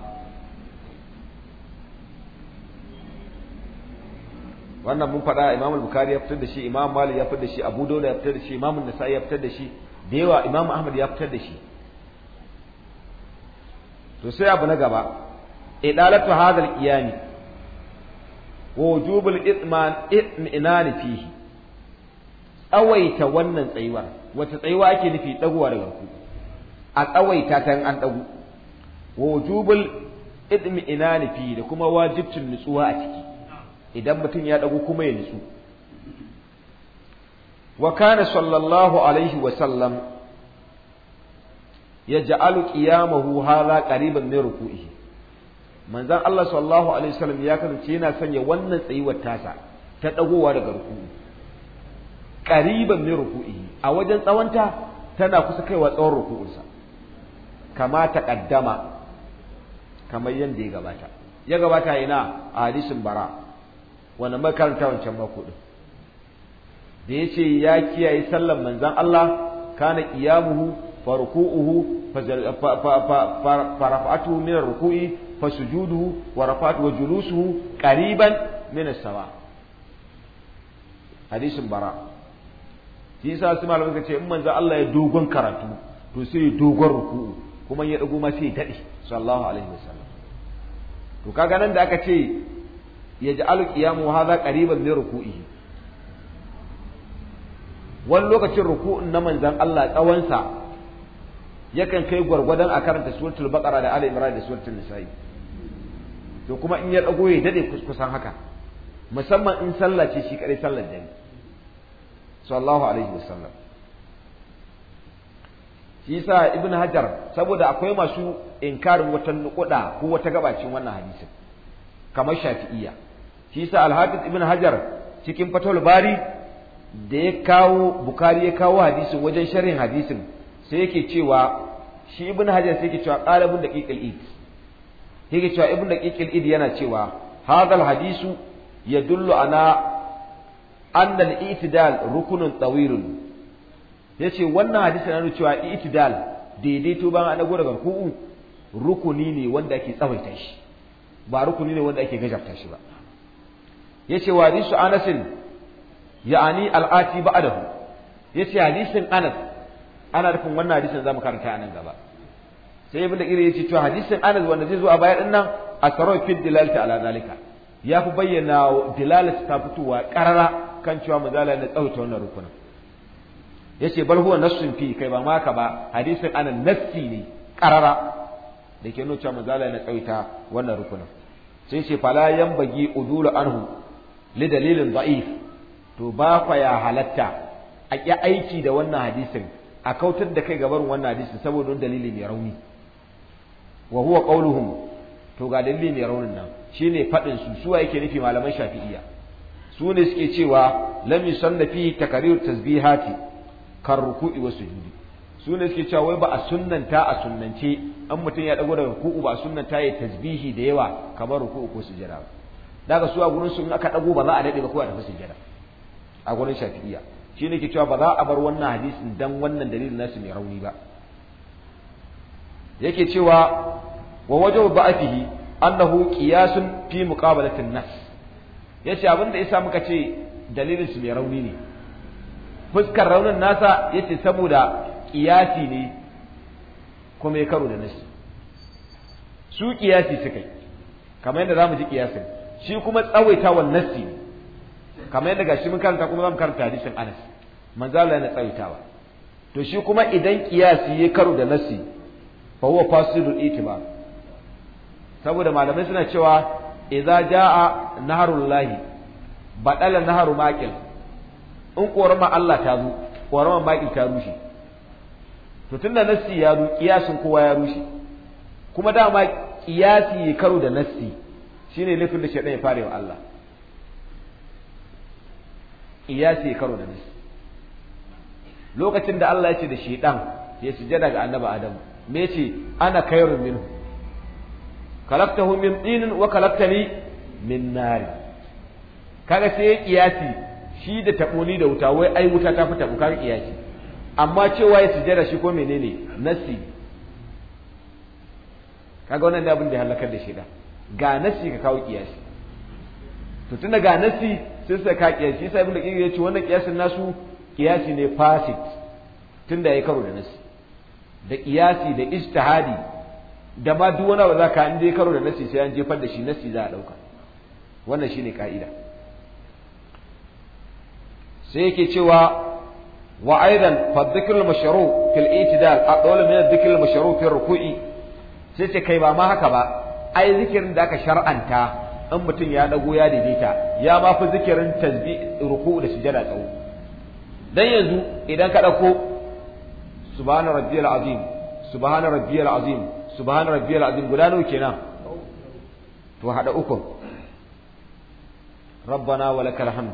wannan mun faɗa Imam Bukhari ya fitar da shi Imam Malik ya fitar da shi Abu Dawud ya fitar da shi Imam Nasa'i ya fitar da shi da yawa Imam Ahmad ya fitar da shi to sai abu na gaba idalatu hadha al-qiyami wa wujub al-itman itminan fihi tsawaita wannan tsayuwar wata tsayuwa ake nufi dagowa daga ku a tsawaita ta an dagu wujubul idmi ina fi da kuma wajibcin nutsuwa a ciki idan mutum ya dagu kuma ya nutsu wa kana sallallahu alaihi wa sallam ya ja'alu qiyamahu hala qariban min ruku'ihi manzon Allah sallallahu alaihi wasallam ya kasance yana sanya wannan tsayuwar tasa ta dagowa daga ruku'i qariban min ruku'ihi a wajen tsawanta tana kusa kaiwa tsawon ruku'unsa kama taqaddama kamar yadda ya gabata ya gabata ina a hadisin bara wani makaranta wancan makudin da ya ce ya kiyaye sallan manzan Allah kana qiyamuhu fa ruku'uhu fa rafa'atuhu min ruku'i fa sujuduhu wa rafa'atu wa julusuhu qariban min as-sama hadisin bara shi yasa su malamai ce in manzan Allah ya dogon karatu to sai dogon ruku'u kuma ya dago masu sai ya dade sallallahu alaihi wasallam to kaga nan da aka ce yaj'alu qiyamu haza qariban min ruku'i. wani lokacin ruku'un na manzan Allah tsawonsa yakan kai gwargwadon a karanta suratul baqara da ali imran da suratul nisa'i to kuma in ya dago ya dade kuskusan haka musamman in sallah ce shi kadai sallar dare sallallahu alaihi wasallam shi yasa ibn hajar saboda akwai masu inkarin wata nukuda ko wata gabacin wannan hadisin kamar shafi'iya. shi yasa al-hafiz ibn hajar cikin fatul bari da ya kawo bukari ya kawo hadisin wajen sharhin hadisin sai yake cewa shi ibn hajar sai yake cewa da daqiqil id yake cewa da daqiqil id yana cewa hadal hadisu yadullu ana annal itidal rukunun tawirun yace wannan hadisi na cewa i'tidal daidaito ba a dago daga ruku'u rukuni ne wanda ake tsawaita shi ba rukuni ne wanda ake gajarta shi ba yace wa hadisu ya ya'ani al'ati ya yace hadisin Anas ana rufin wannan hadisin mu karanta a nan gaba sai ibn iri yace to hadisin Anas wanda zai zo a baya din nan asarau fi dilalta ala zalika ya fi bayyana dilalata ta fitowa karara kan cewa mazala na tsawaita wannan rukunin yace bal huwa nassun fi kai ba maka ba hadisin ana nassi ne karara da ke nuna cewa na tsaita wannan rukunin sai ce fala bagi udulu anhu li dalilin da'if to ba fa ya halatta a ki aiki da wannan hadisin a kautar da kai gaban wannan hadisin saboda wani dalili mai rauni wa huwa qauluhum to ga dalili mai raunin nan shine fadin su suwa yake nufi malaman shafi'iyya su ne suke cewa lam yusanna fi takrir tasbihati kan ruku'i wa sujudi su suke cewa wai ba a sunnanta a sunnance an mutum ya dago daga ruku'u ba a sunnanta ya tasbihi da yawa kamar ruku'u ko sujada ba daga su a gurin sun aka dago ba za a dade ba ko a tafi sujada a gurin shafi'iyya shi ne ke cewa ba za a bar wannan hadisin dan wannan dalilin nasu mai rauni ba yake cewa wa wajabu ba'athihi annahu qiyasun fi muqabalatin nas yace abinda yasa muka ce dalilin su mai rauni ne fuskar raunin nasa yace saboda kiyasi ne kuma ya karo da nasi. su kiyasi suka yi kamar yadda zamu ji ƙiyasin. shi kuma tsawaitawan nasi. ne kamar yadda gashi mun karanta kuma zamu karanta hadisin Anas manzo Allah yana tsawaitawa to shi kuma idan kiyasi ya karo da nasi fa huwa fasidu itibar saboda malamai suna cewa idza jaa naharullahi badala naharu maqil in ƙorama Allah ta zo ƙorama baƙi ta rushe to tunda nassi ya zo ƙiyasin kowa ya rushe kuma dama ƙiyasi ya karo da nassi shine laifin da shaidan ya fara wa Allah Ƙiyasi ya karo da nassi lokacin da Allah ya ce da shaɗan ya sujada ga annabi Adamu me ce ana kayarun minhu kalaktahu min tinin wa kalaktani min nari kaga sai ya kiyasi shi da tabo ni da wuta wai ai wuta ta fi bukar iyaki kiyasi amma cewa ya sujjada shi ko menene nasi kaga wannan abin da halakar da shi da ga nasi ka kawo kiyasi to tunda ga nasi sai sai ka kiyasi sai abin da kike yace wannan kiyasin nasu kiyasi ne fasit tunda yayi karo da nasi da kiyasi da ijtihadi da ma duk wani ba za ka in dai karo da nasi sai an jefar da shi nasi za a dauka wannan shine ka'ida sai yake cewa wa aidan fa al mashru al itidal ne min al mashru fi ruku'i sai ce kai ba ma haka ba ai zikirin da aka shar'anta in mutum ya dago ya daidaita ya ba fi zikirin tasbih ruku'u da sujada tsawo dan yanzu idan ka dauko subhana rabbiyal azim subhana rabbiyal azim subhana rabbiyal azim guda nawa kenan to hada uku rabbana wa lakal hamd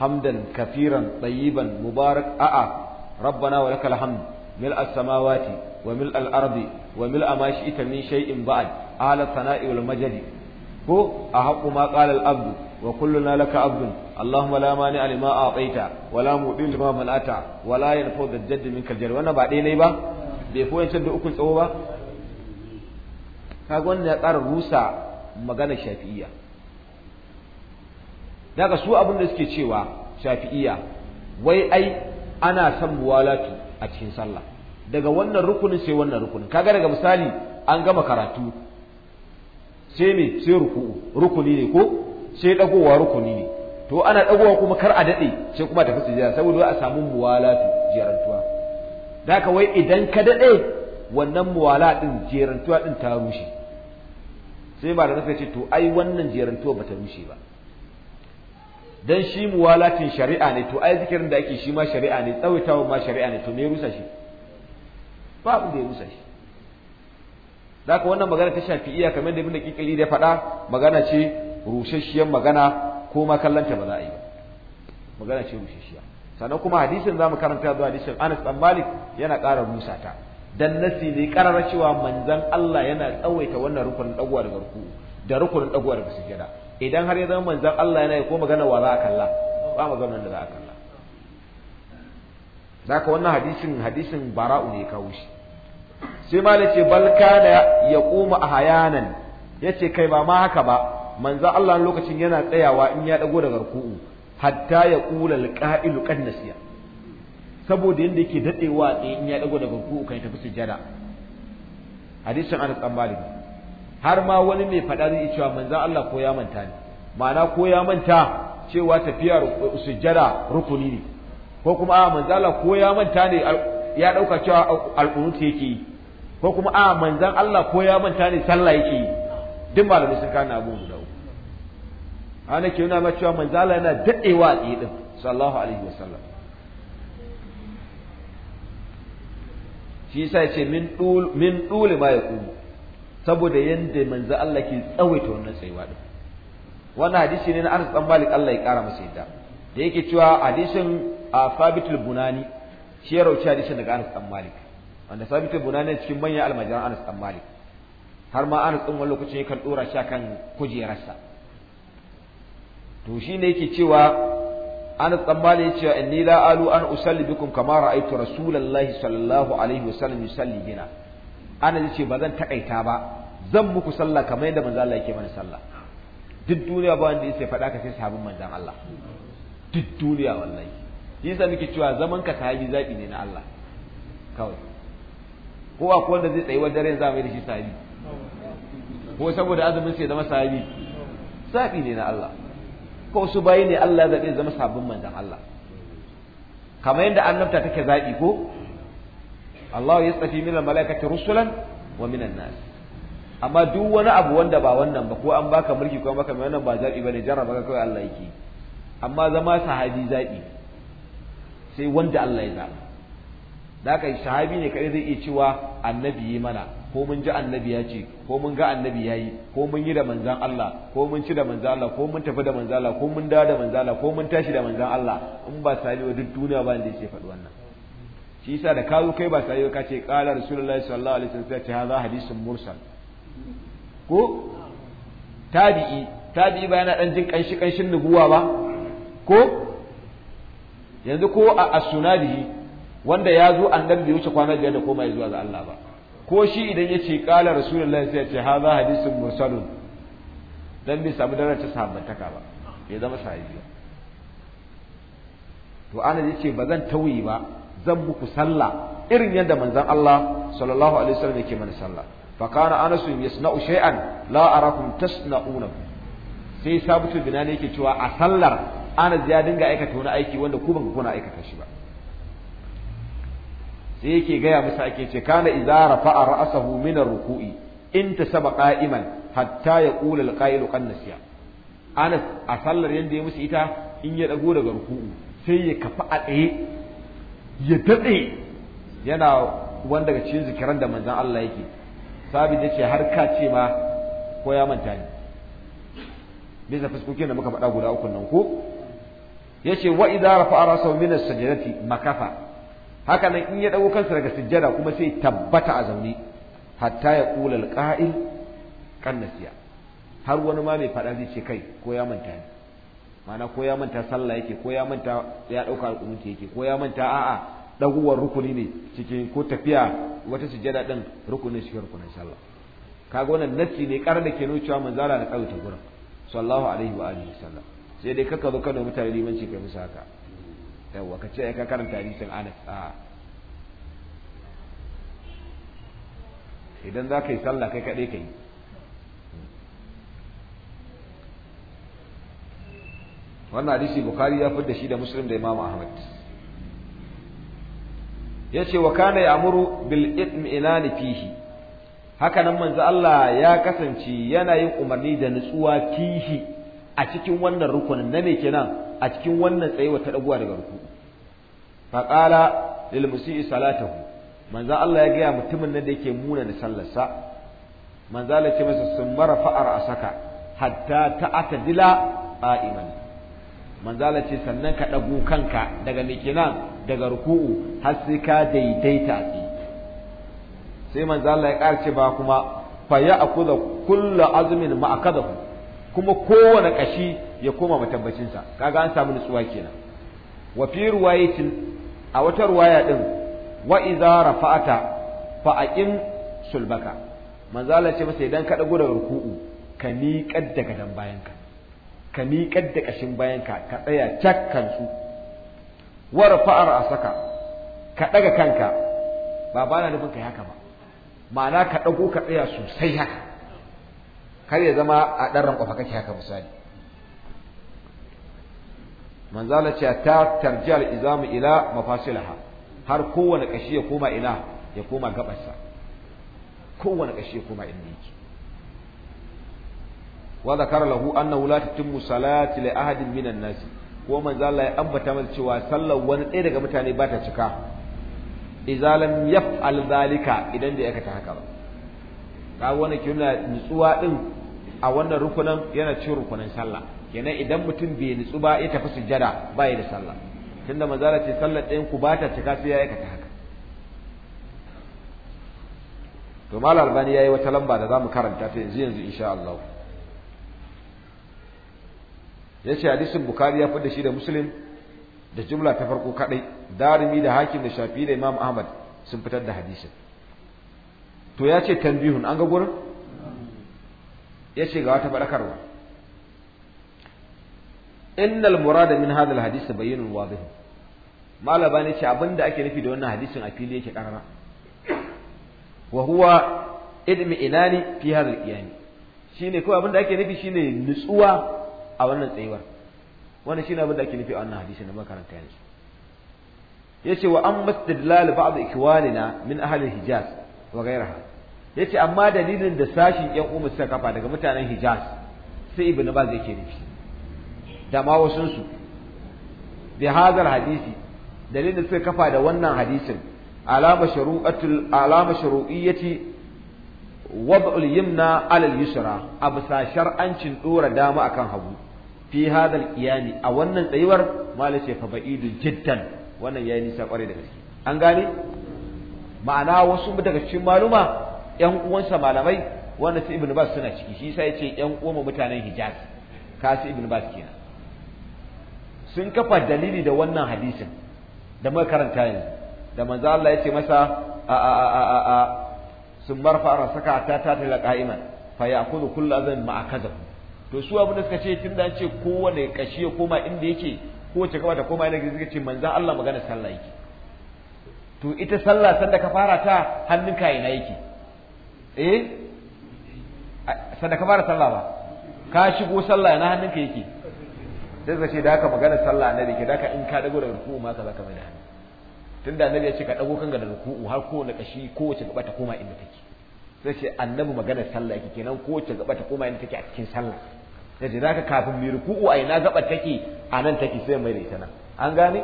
hamdan kafiran tayyiban mubarak a'a rabbana wa lakal hamd mil as-samawati wa mil al-ardi wa mil ma shi'ta min shay'in ba'd ala sana'i wal majdi ko a haqqu ma qala al-abd wa kulluna laka abdun allahumma la mani'a lima a'taita wa la mudil lima man'ata wa la yanfu dhadd minkal jar wannan ba dai ne ba bai fi wancan da ukun tsawo ba kaga wannan ya ƙara rusa magana shafi'iyya daga su abin da suke cewa shafi'iya wai ai ana son muwalatu a cikin sallah daga wannan rukunin sai wannan rukunin kaga daga misali an gama karatu sai me sai ruku'u rukuni ne ko sai dagowa rukuni ne to ana dagowa kuma kar a dade sai kuma tafi jira saboda a samu muwalatu jerantuwa daga wai idan ka dade wannan muwala din jerantuwa din ta rushe sai ba da suka ce to ai wannan jerantuwa bata rushe ba dan shi muwalatin shari'a ne to ai zikirin da ake shi ma shari'a ne tsawaitawa ma shari'a ne to me rusa shi ba abin da ya rusa shi ka wannan magana ta shafi iya kamar da ibn kikili da faɗa magana ce rushasshiyar magana ko ma kallanta ba za a yi ba magana ce rushashiya sannan kuma hadisin zamu karanta zuwa hadisin Anas bin Malik yana ƙara rusa ta dan nasi ne ƙarara cewa manzon Allah yana tsawaita wannan rukunin dagwa daga ruku. da rukunin dagowar da sujada idan har ya zama manzon Allah yana ko magana wa za a kalla ba magana da za kalla zaka wannan hadisin hadisin bara'u ne kawo shi sai ma ce bal kana yaqumu ya yace kai ba ma haka ba manzon Allah lokacin yana tsayawa in ya dago daga ruku'u hatta ya kula alqa'ilu qad nasiya saboda yanda yake dadewa tsaye in ya dago daga ruku'u kai tafi sujada hadisin Anas an Malik har ma wani mai faɗa zai cewa manzo Allah ko ya manta ne ma'ana ko ya manta cewa tafiya uh, sujjada rukuni ne ko kuma a manzo Allah ko ya manta ne ya ɗauka cewa uh, alƙunuti yake yi ko kuma a manzo Allah ko ya manta ne sallah yake yi duk malamai sun kana abu guda uku ana ke nuna ma cewa manzo Allah yana daɗewa a tsaye din sallallahu alaihi wasallam shi yasa ya ce min dul ma ya ƙumu saboda yadda manzo Allah ke tsawaita wannan tsayuwa din wannan hadisi ne na Anas dan Malik Allah ya kara masa yadda da yake cewa hadisin a Sabitul Bunani shi ya rauci hadisin daga Anas dan Malik wanda Sabitul Bunani cikin manyan almajiran Anas dan Malik har ma Anas din wani lokacin yakan dora shi akan kujerarsa to shi ne yake cewa Anas dan Malik ya ce inni ni la'alu an usalli bikum kama ra'aytu rasulallahi sallallahu alaihi sallam yusalli bina ji ce ba zan takaita ba zan muku sallah kamar yadda manzo Allah yake mana sallah duk duniya ba wanda yake faɗa ka sai sabon manzon Allah duk duniya wallahi yasa nake cewa zaman ka sahabi zabi ne na Allah kawai ko akwai wanda zai tsayi wajen ran mai da shi sabi? ko saboda azumin sai zama sahabi zabi ne na Allah ko su bayi ne Allah zabe zama sabbin manzon Allah kamar yadda annabta take zabi ko Allah ya tsafi min malaikati rusulan wa minan nas amma duk wani abu wanda ba wannan ba ko an baka mulki ko an baka mai wannan ba zabi bane jarraba ka kai Allah yake amma zama sahabi zabi sai wanda Allah ya zaba da kai sahabi ne kai zai iya cewa annabi yi mana ko mun ji annabi ya ce ko mun ga annabi yayi yi ko mun yi da manzan Allah ko mun ci da manzan Allah ko mun tafi da manzan Allah ko mun da da manzan Allah ko mun tashi da manzan Allah in ba sahabi ba duk duniya ba da yake faɗi wannan shi yasa da kawo kai ba sai ka ce qala rasulullahi sallallahu alaihi wasallam sai ce hadha hadisun mursal ko tabi'i tabi'i ba yana dan jin kanshi kanshin nubuwa ba ko yanzu ko a as-sunabihi wanda ya zo annabi bai wuce kwana biyar da koma zuwa ga Allah ba ko shi idan ya ce qala rasulullahi sai ya ce hadha hadisun mursalun dan bai samu darajar sahabbantaka ba bai zama sahibi to ana yace ba zan tauyi ba zan muku sallah irin yadda manzon Allah sallallahu alaihi wasallam yake mana sallah fa kana anas yasna'u shay'an la arakum tasna'una sai sabitu ne yake cewa a sallar ana ya dinga aikata wani aiki wanda ku ban kuna aikata shi ba sai yake gaya musu ake ce kana idza rafa'a ra'sahu min ar-ruku'i in tasaba qa'iman hatta yaqula al-qa'ilu qad Anas a sallar yanda ya musu ita in ya dago daga ruku'u sai ya kafa a tsaye ya daɗe yana wani daga cikin zikiran da manzan Allah yake sabi da ce har ka ce ma ko ya manta ne bisa fuskokin da muka faɗa guda uku nan ko ya ce wa idza rafa'a rasahu min as-sajdati makafa haka nan in ya dago kansa daga sujjada kuma sai tabbata a zaune hatta ya kula al-qa'il kan nasiya har wani ma mai faɗa zai ce kai ko ya manta ni? mana ko ya manta sallah yake ko ya manta ya dauka alƙunut yake ko ya manta a'a daguwar rukuni ne cikin ko tafiya wata sujjada din rukunin shi rukunin sallah kaga wannan nassi ne kar da ke nuna cewa manzo Allah na kauce gurin sallallahu alaihi wa alihi sallam sai dai kaka zo nemi mutane limanci kai musa haka yawa ka ce ka karanta hadisin Anas a idan za ka yi sallah kai kaɗai ka yi wannan hadisi bukhari ya da shi da muslim da imam ahmad yace wa kana ya'muru bil itmi'nan fihi haka nan manzo Allah ya kasance yana yin umarni da nutsuwa fihi a cikin wannan rukunin na me kenan a cikin wannan tsayuwa ta dagowa daga ruku faqala lil musii salatahu manzo Allah ya gaya mutumin nan da yake muna da sallarsa manzo Allah ya ce masa sun mara fa'ar saka, hatta a qa'iman manzala ce sannan ka ɗago kanka daga mikina daga ruku'u har sai ka daidaita tsi sai manzala ya ƙarce ba kuma fa ya akuza kullu azmin ma akadahu kuma kowane kashi ya koma matabbacinsa kaga an samu nutsuwa kenan wa fi ruwayatin a wata ruwaya din wa idza rafa'ata fa aqim sulbaka manzala ce masa idan ka ɗago daga ruku'u ka miƙar daga dan bayanka ka miƙar da ƙashin bayanka ka tsaya cak kansu war fa'ar a saka ka ɗaga kanka ba ba na nufin ka haka ba ma'ana ka ɗago ka tsaya sosai haka kar ya zama a ɗan rankwafa kake haka misali manzala ce ta tarji izamu ila mafasilaha har kowane ƙashi ya koma ila ya koma gabarsa kowane ƙashi ya koma inda yake wa zakara lahu annahu la tatimmu salati li ahadin minan nasi ko manzo Allah ya ambata masa cewa sallar wani ɗaya daga mutane ba ta cika idza lam yaf'al zalika idan da ya ta haka ba ka wani kina nutsuwa din a wannan rukunan yana cin rukunan sallah kenan idan mutum bai nutsu ba ya tafi sujjada ba ya da sallah tunda manzo Allah ce sallar ɗayan ku ba ta cika sai ya aikata haka to mal albani yayi wata lamba da zamu karanta ta yanzu yanzu insha Allah yace hadisin bukari ya fidda shi da muslim da jumla ta farko kadai darimi da hakim da shafi da imam ahmad sun fitar da hadisin to ya ce tanbihun an ga gurin ya ce ga wata faɗakarwa innal murada min hadha alhadith bayyinun wadih malaba ne ce abinda ake nufi da wannan hadisin a fili yake karara wa huwa idmi inani fi hadha alqiyam shine kawai abinda ake nufi shine nutsuwa a wannan tsayuwar wannan shine abin da ake nufi a wannan hadisi na makaranta yanzu yace wa an istidlal ba'd ikwalina min ahli hijaz wa ghayriha yace amma dalilin da sashin yan ummu suka kafa daga mutanen hijaz sai ibn baz yake nufi da ma wasun su bi hadar hadisi dalilin da suka kafa da wannan hadisin alama shuru'atul alama shuru'iyyati wad'ul yimna ala al-yusra sa shar'ancin dora dama akan hagu fi hadal qiyami a wannan tsayuwar malai ce fa ba'idu jiddan wannan yayi nisa kwarai da gaske an gane ma'ana wasu daga cikin maluma yan uwansa malamai wanda su ibnu bas suna ciki shi sai yace yan uwan mutanen hijaz ka su ibnu bas kenan sun kafa dalili da wannan hadisin da muka karanta yanzu da manzo Allah ya ce masa a a a a a sun marfa saka ta ta ta qa'iman fa ya'khudhu kullu adhan ma'a kadhab to su abin da suka ce tun an ce kowane kashi ya koma inda yake kowace gaba ta koma inda zai ce manzan Allah magana sallah yake to ita sallah sanda ka fara ta hannun ka yana yake eh sanda ka fara sallah ba ka shigo sallah yana hannun ka yake sai suka ce da haka magana sallah annabi ke da haka in ka dago daga ruku'u ma ka zaka mai da hannu tunda annabi ya ce ka dago kanka da ruku'u har kowane kashi kowace gaba ta koma inda take sai ce annabi magana sallah yake kenan kowace gaba ta koma inda take a cikin sallah za ka kafin mu ruku'u a ina gaba take a nan take sai mai da ita nan an gane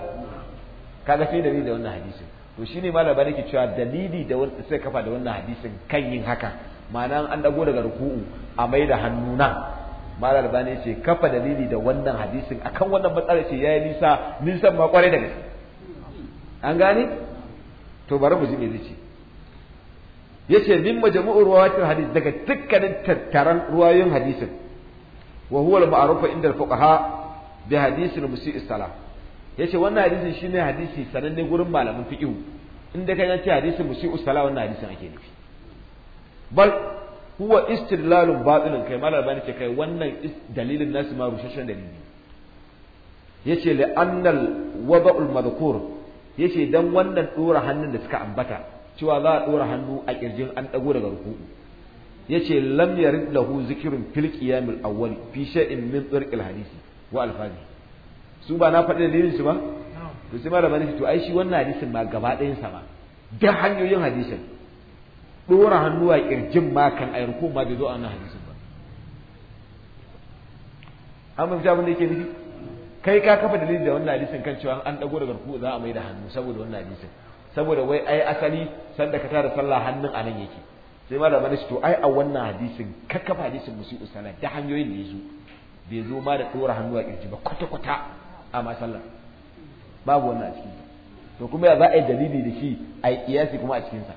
kaga sai dalili da wannan hadisin to shi ne malaba nake cewa dalili da sai kafa da wannan hadisin kan yin haka ma'ana an dago daga ruku'u a mai da hannu nan malar bane ce kafa dalili da wannan hadisin akan wannan matsala ce yayi nisa nisan ma kwarai da gaske an gane to bari mu ji me zai yace min majmu'ur rawatil hadis daga dukkanin tattaran ruwayoyin hadisin wa huwa al-ma'ruf inda al-fuqaha yace wannan hadisin shine hadisi sananne gurin malamin fiqh inda kai ce hadisi musii salam wannan hadisin ake nufi bal huwa istidlalun batilun kai malar bani ce kai wannan dalilin nasu ma rushashen dalili yace li annal wada'ul madhkur yace dan wannan dora hannun da suka ambata cewa za a dora hannu a kirjin an dago daga ruku'u yace lam yarid lahu zikrun fil qiyam al awwal fi shay'in min tsirq al hadisi wa alfazi su ba na faɗi dalilin su ba to sai ne to ai shi wannan hadisin ma gaba ɗayan sa ba da hanyoyin hadisin dora hannuwa kirjin ma kan ayar ko ma bai zo a wannan hadisin ba amma fahimta abin da yake nufi kai ka kafa dalilin da wannan hadisin kan cewa an dago daga ku za a mai da hannu saboda wannan hadisin saboda wai ai asali sanda ka tara sallah hannun anan yake sai malaman shi to ai a wannan hadisin kakkafa hadisin musu sana da hanyoyin da yazo bai zo ma da dora hannu a kirji ba kwata kwata a ma sallah babu wannan a cikin to kuma ya za a yi dalili da shi a yi kiyasi kuma a cikin sa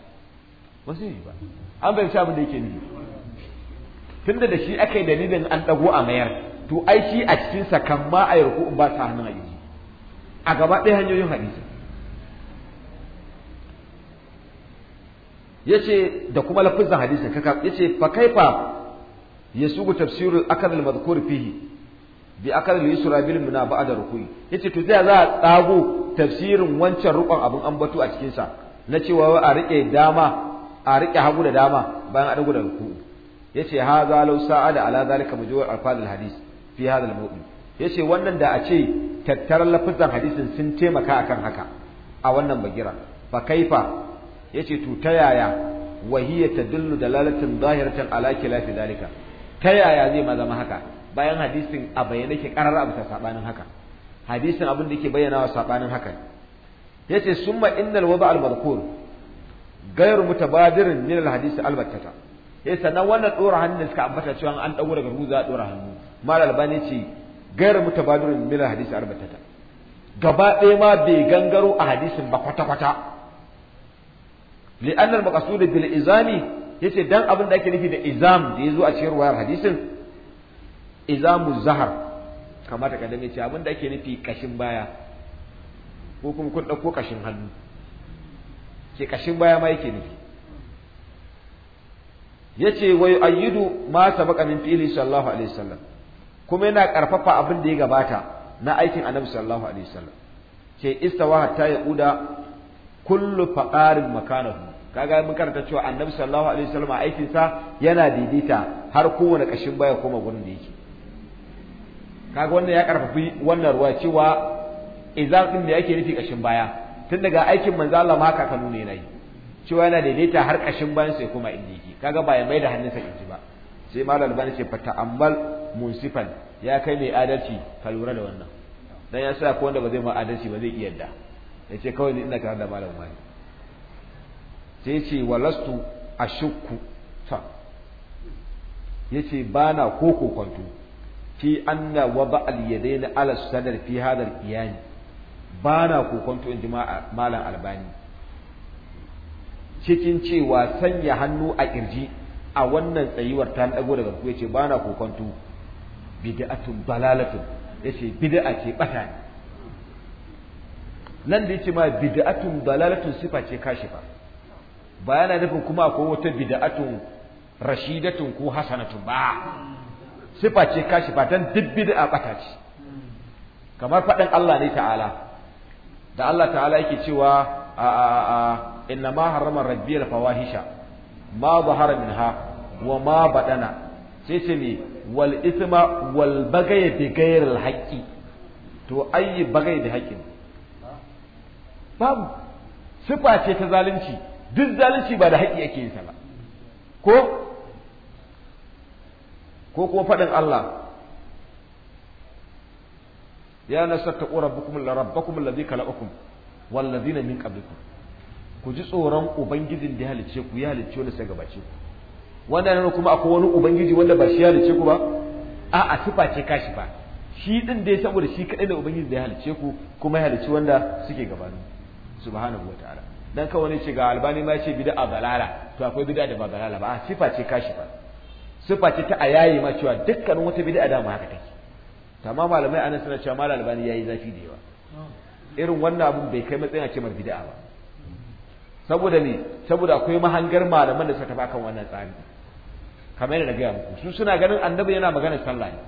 ba sai ba an bai shi abin da yake nufi tunda da shi aka yi dalilin an dago a mayar to ai shi a cikin sa kan ma a yarku ba sa hannun a kirji a gaba ɗaya hanyoyin hadisi yace da kuma lafizan hadisin kaka yace fa kaifa yasugu tafsirul akal al madhkur fihi bi akal al yusra bil muna ba'da ruku'i yace to zai za a tsago tafsirin wancan rukun abin ambato a cikin sa na cewa a rike dama a rike hagu da dama bayan a dago da ruku'u yace za law sa'ada ala zalika mujawar alfaz al hadis fi hada al mawdu yace wannan da a ce tattaran lafizan hadisin sun taimaka akan haka a wannan bagira fa kaifa yace to ta yaya wahiya tadullu dalalatan zahiratan ala khilafi dalika ta yaya zai ma zama haka bayan hadisin a bayyana ke karar abu ta sabanin haka hadisin abin da yake wa sabanin haka yace summa innal wada al madhkur ghayr mutabadirin min al hadis al battata yace sanan wannan dora hannun suka ambata cewa an dauko daga ruza dora hannu mal albani ce ghayr mutabadirin min al hadis al battata gaba ɗaya ma bai gangaro a hadisin ba kwata kwata li'anna al-maqsud bil izami yace dan abin da ake nufi da izam da yazo a cikin ruwayar hadisin izamu zahar kamata ka dame ce abin da ake nufi kashin baya ko kuma kun dauko kashin hannu ke kashin baya ma yake nufi yace wa yu'ayyidu ma sabaqa min fi'li sallallahu alaihi wasallam kuma yana karfafa abin da ya gabata na aikin annabi sallallahu alaihi wasallam ce istawa hatta yaquda kullu faqarin makanahu kaga mun karanta cewa annabi sallallahu alaihi wasallam aikin sa yana daidaita har kowane kashin baya kuma gurin da yake kaga wannan ya karfafi wannan ruwa cewa izar din da yake nufi kashin baya tun daga aikin manzo Allah ma haka kanu ne nayi cewa yana daidaita har kashin bayan sai kuma inda yake kaga ba ya mai da hannunsa inji ba sai malam albani ce ambal munsifan ya kai mai adalci ka lura da wannan dan ya sa ko wanda ba zai ma adalci ba zai iya yadda yace kawai ni ina tare da malam wani sai ya ce walastu ashukku ta ya ce ba na koko kwanto fi anna ba'al al na ala sadar fi hadar iyani ba na kokonto in ji malam albani cikin cewa sanya hannu a kirji a wannan tsayuwar ta dago daga ku yace ba na kokonto bid'atun dalalatun yace bid'a ce bata ne nan da yace ma bid'atun dalalatun sifa ce kashifa ba yana nufin kuma akwai wata bid'atun rashidatun ko hasanatun ba sifa ce kashi ba dan duk bid'a bata ce kamar faɗin Allah ne ta'ala da Allah ta'ala yake cewa a a a inna ma harrama rabbi al fawahisha ma zahara minha wa ma badana sai ce ne wal ithma wal bagay bi ghayr al haqqi to ayi bagay bi haqqi babu sifa ce ta zalunci duk zalunci ba da haƙƙi ake yin sa ba ko ko kuma faɗin Allah ya nasar ta ƙura bukum la rabbakum allazi khalaqakum wal ladina min qablikum ku ji tsoron ubangijin da ya halicce ku ya halicce wanda sai gabace ku wanda ne kuma akwai wani ubangiji wanda ba shi ya halicce ku ba a'a sifa ce kashi ba shi din dai saboda shi kadai da ubangiji da ya halicce ku kuma ya halice wanda suke gabanin subhanahu wataala dan ka wani ce ga albani ma ce bid'a balala to akwai bid'a da ba balala ba ah, sifa ce kashi ba sifa ce ta ayayi ma cewa dukkanin wata bid'a da ma haka take amma malamai anan suna cewa malal albani yayi zafi da yawa irin wannan abun bai kai matsayin a ce mar bid'a ba saboda ne saboda akwai mahangar malaman da suka tafi akan wannan tsari kamar yadda gaya muku su suna ganin annabi yana magana sallah ne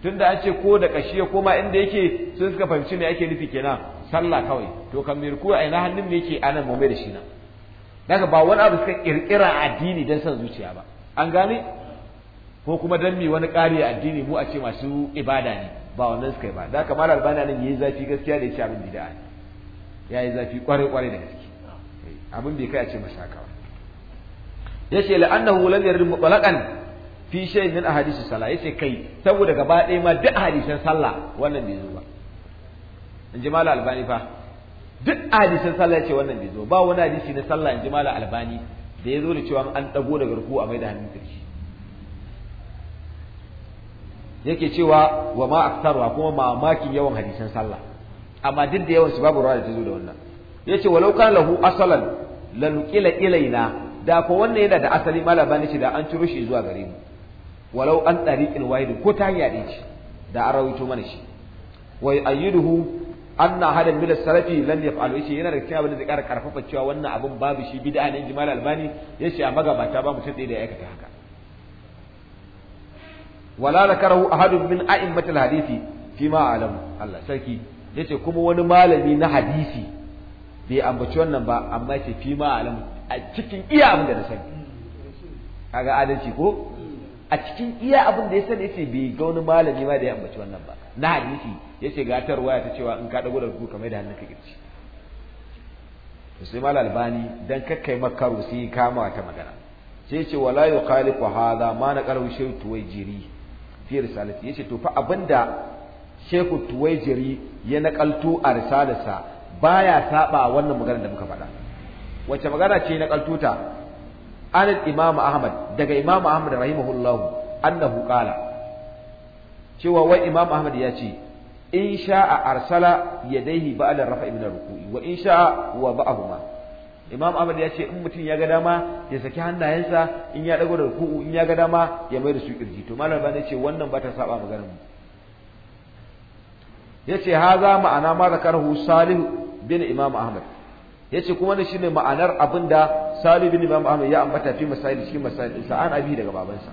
tunda an ce ko da kashi ya koma inda yake sun suka fahimci me ake nufi kenan sallah kawai to kan mai rukuwa ina hannun me yake anan mu mai da shi nan daga ba wani abu suka kirkira addini dan san zuciya ba an gane ko kuma dan mi wani ƙari addini mu a ce masu ibada ne ba wannan suka yi ba da kamar albana nan yayi zafi gaskiya da ya abin bid'a ne yayi zafi kware kware da gaske eh, abin bai kai a ce masa haka ba yace la'annahu lam yarid mutlaqan fi shay'in min ahadith sallah yace kai saboda gaba ɗaya ma duk hadisan sallah wannan bai zo ba in ji mala albani fa duk hadisin sallah ce wannan bai zo ba wani hadisi na sallah in ji mala albani da ya zo da cewa an dago daga ruku a mai da hannun kirki yake cewa wa ma aktarwa kuma mamakin yawan hadisin sallah amma duk da yawan su babu rawa da ta zo da wannan yace walau kana lahu asalan lanuqila ilaina da ko wannan yana da asali mala ne ce da an ciro shi zuwa gare mu walau an tariqin wahid ko ta hanya ɗaya ce da an rawaito mana shi wai ayyiduhu anna hadan min salafi lan yaf'alu shi yana da cikin abin da zai ƙara karfafa cewa wannan abin babu shi bid'a ne jimal albani yace a magabata ba mutum ɗaya da ya aikata haka wala nakarahu ahadun min al hadisi fi ma alam Allah sarki yace kuma wani malami na hadisi bai ambaci wannan ba amma yace fi ma alam a cikin iya abin da na sani kaga adalci ko a cikin iya abin da ya sani yace bai ga wani malami ma da ya ambaci wannan ba na hadisi ce ga waya ta cewa in ka dago da ruku kamar da hannunka kirci to sai mal albani dan kakkai makaru sai kama ta magana sai ce wala yuqalifu hadha ma na qalu shaykh tuwaijiri fi risalati yace to fa abinda shehu tuwaijiri ya naqaltu a risalarsa baya saba wannan magana da muka faɗa wacce magana ce na kaltuta an imam ahmad daga imam ahmad rahimahullahu annahu qala cewa wai imam ahmad ya ce in sha'a arsala yadaihi ba'da rafa'i min ruku'i wa in sha'a wa ba'ahuma imam ahmad ya ce in mutum ya ga dama ya saki hannayensa in ya dago da ruku'u in ya ga dama ya mai da su kirji to malam bani ce wannan ba ta saba maganar mu yace haza ma'ana ma zakarahu salim bin imam ahmad yace kuma ne shine ma'anar abinda salim bin imam ahmad ya ambata fi masail cikin masail sa an abi daga babansa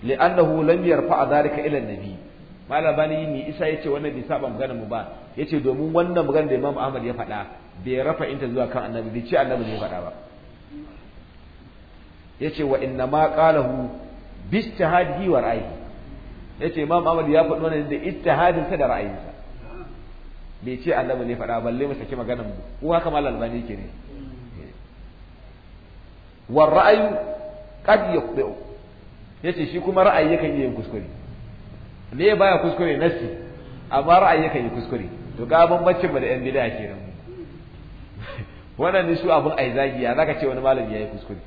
li'annahu lam yarfa'a dhalika ila nabi malabani ni isa yace wannan bai saba magana mu ba yace domin wannan magana da Imam Ahmad ya faɗa bai rafa inta zuwa kan Annabi bai ce Annabi ne ya faɗa ba yace wa inna ma qalahu bi ijtihadihi wa ya yace Imam Ahmad ya faɗi wannan da ijtihadin sa da ra'ayinsa bai ce Annabi ne faɗa balle mu saki magana mu ko haka bani yake ne wa ra'ayu qad yaqbi yace shi kuma ra'ayi yakan yi kuskure me baya kuskure nassi amma ra'ayi yakan yi kuskure to ga bambancin mu da yan bid'a kenan wannan su abun ai zagi ya zaka ce wani malami yayi kuskure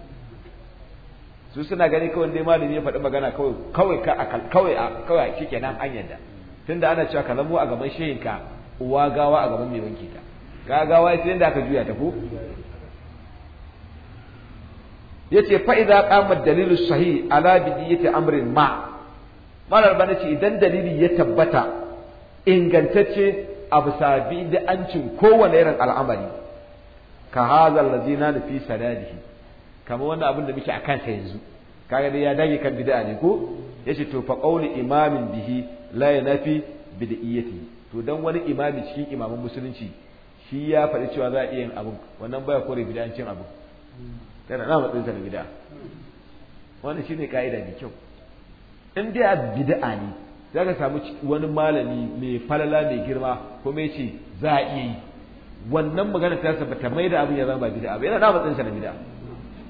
su suna gani kawai dai malami ya faɗi magana kawai kawai ka kawai kawai shikenan an yadda tunda ana cewa ka zamo a gaban shehinka uwa gawa a gaban mai wanke ka. ka gawa sai inda aka juya ta ko yace fa idza qama ad-dalilu sahih ala bidiyati amrin ma' malar bane ce idan dalili ya tabbata ingantacce a bisa bid'ancin kowane irin al'amari ka hazal lazina da fi sanadihi kamar wannan abin da muke a kansa yanzu kaga dai ya dage kan bid'a ne ko yace to fa qawli imamin bihi la yanafi bid'iyyati to dan wani imami cikin imaman musulunci shi ya faɗi cewa za a iya yin abin wannan baya kore bid'ancin abin na matsayin sa da bid'a wannan shine ka'ida mai kyau in dai a bid'a ne za ka samu wani malami mai falala mai girma ko mai ce za a iya yi wannan magana ta sa bata mai da abin ya zama bid'a ba yana da matsayin sa na bid'a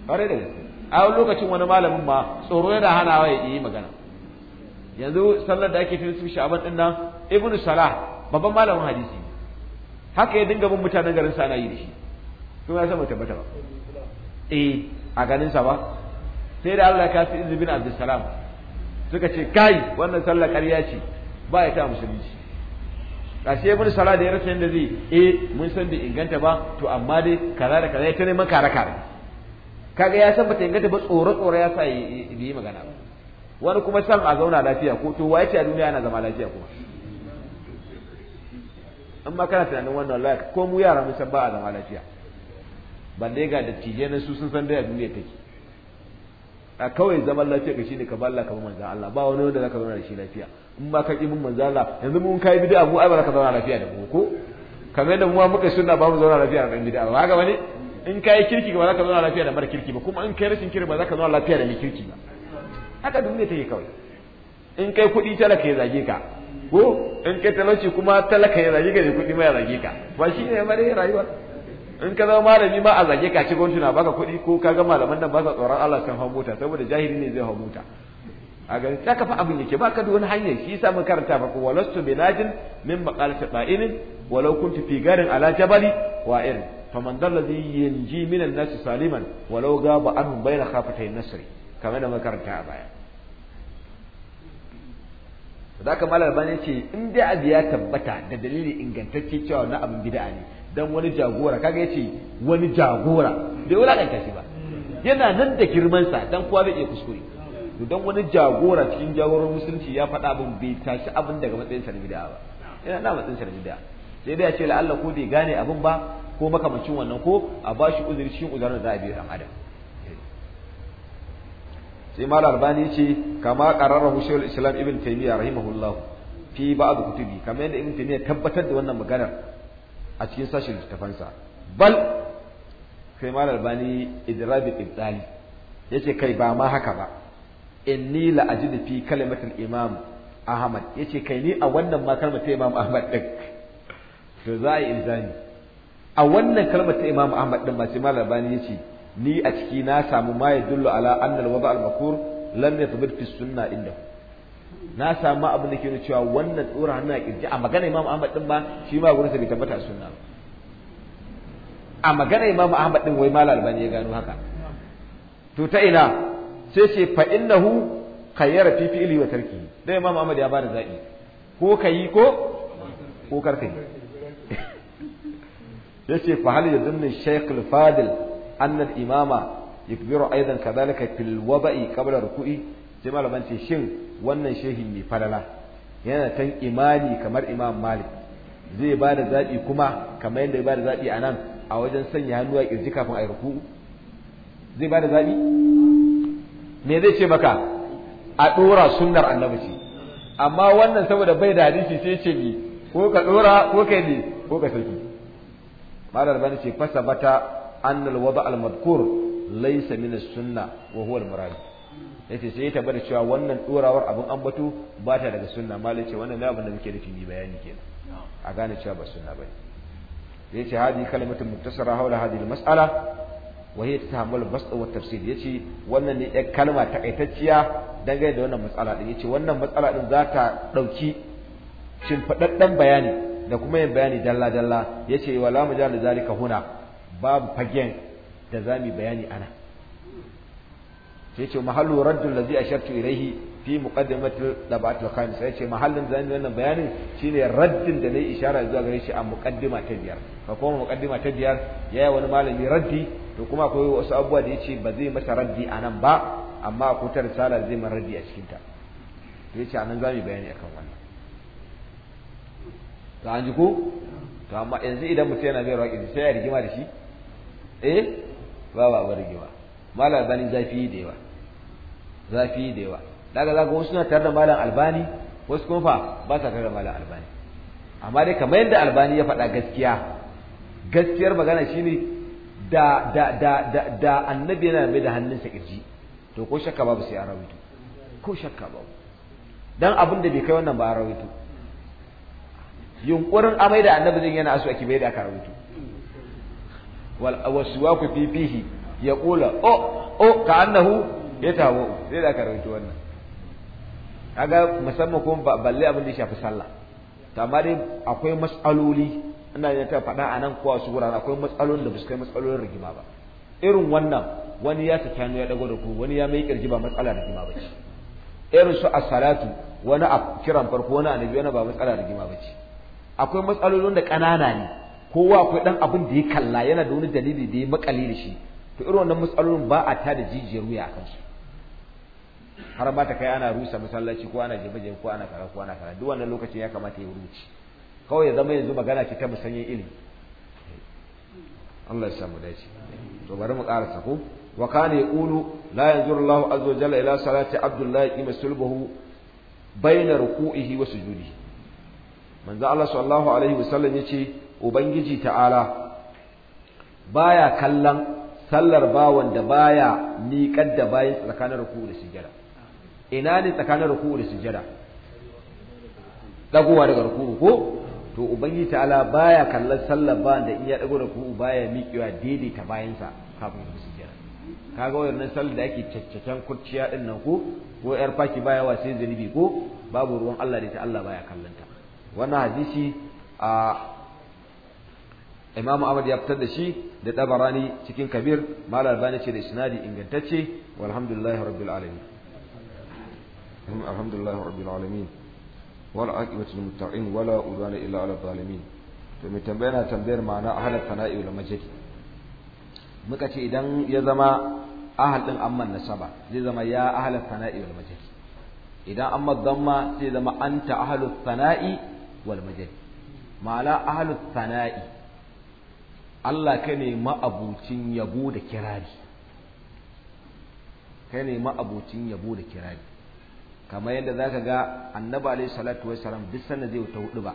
kare da gaske a wani lokacin wani malamin ma tsoro yana hanawa ya yi magana yanzu sallar da ake fi su sha'aban din nan ibnu salah babban malamin hadisi haka ya dinga bin mutanen garin sa ana yi da shi kuma ya san tabbata ba eh a ganin sa ba sai da Allah ya kafi ibnu bin abdussalam suka ce kai wannan sallah ƙarya ce ba ya ta musulunci shi ibn sala da ya rasa yadda zai eh mun san bai inganta ba to amma dai kaza da kaza ya ta neman kare kare kaga ya san bata inganta ba tsoro tsoro ya sa yi yi magana ba wani kuma san a zauna lafiya ko to waye ce a duniya yana zama lafiya kuma amma kana tunanin wannan lafiya ko mu yara mun san ba a zama lafiya ban dai ga dattijai na su sun san dai a duniya take a kawai zaman lafiya ka shine ka ba Allah ka ba Allah ba wani wanda zaka zauna da shi lafiya in ba ka ki mun manzon Allah yanzu mun kai bid'a mu ai ba zaka zauna lafiya da mu ko kamar da mu ma muka sunna ba mu zauna lafiya da bid'a ba haka bane in kai kirki ba zaka zauna lafiya da mara kirki ba kuma in kai rashin kirki ba zaka zauna lafiya da mai kirki ba haka duniya take kawai in kai kuɗi talaka ya zage ka ko in kai talauci kuma talaka ya zage ka da kuɗi ma ya zage ka ba shi ne mare rayuwa in ka zama malami ma a zage ka ci gwamnati na baka kuɗi ko ka ga malaman nan ba sa tsoron Allah kan hau mota saboda jahili ne zai hau mota a gani ta kafa abin yake ba ka da hanyar shi yasa mun karanta fa walastu binajin min maqalati qa'inin walau kuntu fi garin ala jabali wa'in faman dallazi yanji min an-nas saliman walau gaba an bayna khafatay nasri kamar da mun karanta a baya da haka malar ce in dai abu ya tabbata da dalili ingantacce cewa na abin bid'a ne dan wani jagora kaga yace wani jagora bai wulakanta shi ba yana nan da girmansa dan kowa bai iya kuskure to dan wani jagora cikin jagoran musulunci ya faɗa abin bai tashi abin daga matsayin sa gida ba yana na matsayin sa gida. sai dai ya ce la'alla ko bai gane abin ba ko makamancin wannan ko a bashi uzuri cikin uzurin da za a biya dan adam sai mal albani ce kama qarara shaykhul islam ibn taymiyyah rahimahullah fi ba'd kutubi kamar yadda ibn taymiyyah tabbatar da wannan maganar a cikin sashen littafansa bal kai mal albani idrabi ibtali. yace kai ba ma haka ba inni la ajidu fi kalimatul imam ahmad yace kai ni a wannan ma kalmar ta imam ahmad din to za a yi a wannan kalmar ta imam ahmad din ba sai mal albani yace ni a ciki na samu ma yadullu ala anna al-wada al-makur lam yathbut fi sunnah indahu na samu abin da ke nuna cewa wannan tsoron hannu a kirji a magana Imam Ahmad din ba shi ma gurin sa bai tabbata sunna a magana Imam Ahmad din wai malal albani ya gano haka to ta ina sai ce fa innahu khayyara fi fi'li wa tarki dai imamu Ahmad ya bada zabi ko kayi ko ko kar Ya ce fa hal yadunni shaykh al-fadil anna al-imama yukbiru aidan kadhalika fil waba'i qabla ruku'i sai malaman ce shin wannan shehi mai falala yana kan imani kamar imam malik zai ba da zaɓi kuma kamar yadda ya ba da zaɓi a nan a wajen sanya hannu a ƙirji kafin a yi ruku zai ba da zaɓi me zai ce maka a ɗora sunnar annabi ce amma wannan saboda bai da hadisi sai ce ni ko ka ɗora ko ka yi ko ka saki malar bani ce fasa bata annal wada al-madkur laysa min as-sunnah wa huwa al-murad yace sai ya tabbata cewa wannan dorawar abin ambato ba ta daga sunna malai ce wannan abin da muke da yi bayani kenan a gane cewa ba sunna bane yace hadi kalimatun muttasara haula hadi mas'ala wa hiya tahammul basd wa tafsir yace wannan ne ɗan kalma takaitacciya dangane da wannan matsala din yace wannan matsala din za ta dauki bayani da kuma yin bayani dalla dalla yace wala mujal zalika huna babu fagen da zamu bayani ana sai ce mahallu raddul ladzi ashartu ilayhi fi muqaddimati dabatul khamis sai ce mahallin zan yi wannan bayanin shine raddin da nayi isharar zuwa gare shi a muqaddima ta biyar ka kuma muqaddima ta biyar yayi wani malami raddi to kuma akwai wasu abubuwa da yace ba zai masa raddi anan ba amma akwai ta risala zai masa raddi a cikin ta to yace anan za mu bayani akan wannan to an ji ko to amma yanzu idan mutum yana mai roƙi sai ya rigima da shi eh ba ba rigima malam albani zafi da yawa zafi da yawa daga zaga wasu suna tare da malam albani wasu kuma fa ba sa tare da malam albani amma dai kamar yadda albani ya faɗa gaskiya gaskiyar magana shine da da da da da annabi yana mai da hannunsa kirji to ko shakka babu sai an rawaito ko shakka babu dan abin da bai kai wannan ba an rawaito yunkurin amai da annabi zai yana asu ake mai da aka rawaito wal ku fi fihi ya kula o oh, o oh, ka annahu ya tawo sai da aka rawaito wannan kaga musamman ba balle abin da shafi sallah to amma dai akwai mas'aloli ina da ta faɗa a nan kowa su wurare akwai matsalolin da ba su kai matsalolin rigima ba irin wannan wani ya saki hannu ya dago da ku wani ya mai kirji ba matsala rigima ba ce irin su as-salatu wani a kiran farko wani annabi wani ba matsala rigima ba ce akwai matsalolin da ƙanana ne kowa akwai dan abin da ya kalla yana da wani dalili da ya makali da shi to irin wannan matsalolin ba a tada jijiyar wuya akan su har ba ta kai ana rusa masallaci ko ana jibe ko ana kara ko ana kara duk wannan lokacin ya kamata ya wuce kawai ya zama yanzu magana ce ta musanyen ilimi Allah ya samu dace to bari mu ƙara ko wa kana yaqulu la yanzuru Allahu azza wa jalla ila salati Abdullah qima sulbuhu baina ruku'ihi wa sujudihi manzo Allah sallallahu alaihi wasallam yace ubangiji ta'ala baya kallon sallar bawan da baya miƙar da bayan tsakanin ruku da sujjada ina ne tsakanin ruku da sujjada dagowa daga ruku'u ko to ubangi ta'ala baya kallon sallar bawan da in ya dago ruku'u baya miƙewa daidaita bayansa kafin sujjada kaga wannan sallar da ake caccaken kurciya din nan ko ko yar faki baya wa sai zanibi ko babu ruwan Allah da ta Allah baya kallon ta wannan hadisi a imamu ahmad ya fitar da shi da tabarani cikin kabir mal albani ce da isnadi ingantacce walhamdulillahi rabbil alamin alhamdulillahi rabbil alamin wal aqibatu lil muttaqin wala udwana illa ala zalimin to mai tambaya na tambayar ma'ana ahad sana'i wal majid muka ce idan ya zama ahad din amman nasaba zai zama ya ahad sana'i wal majid idan amma damma sai zama anta ahad sana'i wal majid ma'ana ahad sana'i Allah ka ne ma'abucin yabo da kirari ka ne ma'abucin yabo da kirari kamar yadda za ka ga annabi alai salatu wa salam duk sanda zai wuta hudu ba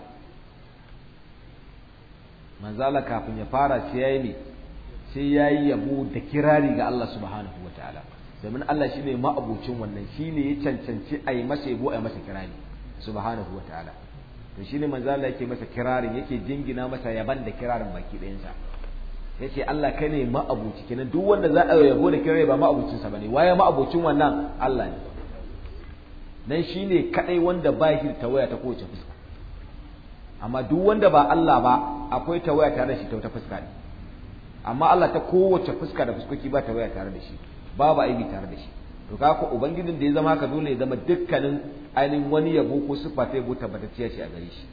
manzala kafin ya fara sai yayi ne sai yayi yabo da kirari ga Allah subhanahu ta'ala domin Allah shine ma'abucin wannan shine ya cancanci a yi masa yabo ai masa kirari subhanahu ta'ala to shine manzala yake masa kirarin yake jingina masa yaban da kirarin baki ɗayansa ya ce Allah kai ne ma'abuci kenan duk wanda za a yabo da kirai ba ma'abucinsa ba ne waye ma'abucin wannan Allah ne nan shi ne kaɗai wanda ba shi da tawaya ta kowace fuska amma duk wanda ba Allah ba akwai tawaya tare da shi ta wata fuska ne amma Allah ta kowace fuska da fuskoki ba tawaya tare da shi babu aibi tare da shi to ka ko ubangijin da ya zama ka dole ya zama dukkanin ainihin wani yabo ko sifa ta yabo tabbatacciya ce a gare shi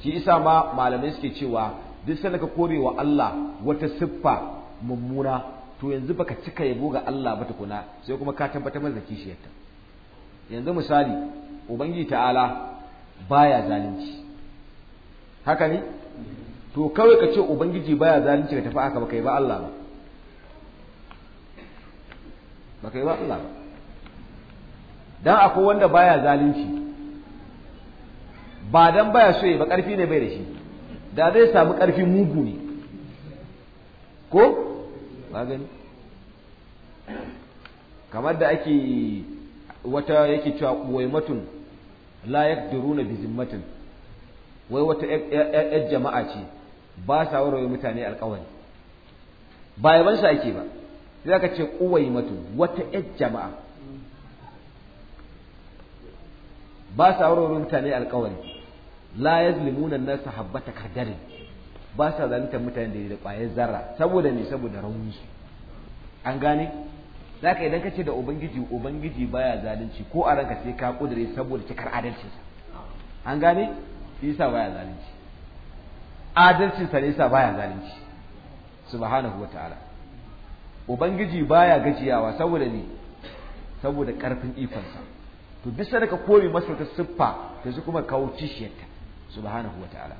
shi isa ma malamai suke cewa duk sai ka kore wa Allah wata siffa mummuna to yanzu baka cika yabo ga Allah ba tukuna sai kuma ka tabbatar masa kishiyarta yanzu misali ubangiji ta'ala baya zalunci haka ne to kawai ka ce ubangiji baya zalunci ka tafi aka baka yi ba Allah ba baka yi ba Allah ba dan akwai wanda baya zalunci ba dan baya so ya ba karfi ne bai da shi da zai samu ƙarfi mugu ne ko ba gani kamar da ake wata yake cewa waimatun la yaqdiruna bi zimmatin wai wata ƴar jama'a ce ba sa warware mutane alƙawari ba yaban sa ake ba sai aka ce quwaimatun wata ƴar jama'a ba sa warware mutane alƙawari la yazlimuna an-nasa habbata kardari ba sa zalunta mutane da da ƙwayar zarra saboda ne saboda rauni an gane zaka idan kace da ubangiji ubangiji baya zalunci ko a ranka sai ka kudure saboda cikar adalcinsa an gane isa baya zalunci adalcinsa ne isa baya zalunci subhanahu wataala ubangiji baya gajiyawa saboda ne saboda karfin ikonsa to duk daga koyi masa ta siffa ta kuma kawo cishiyarta subhanahu wataala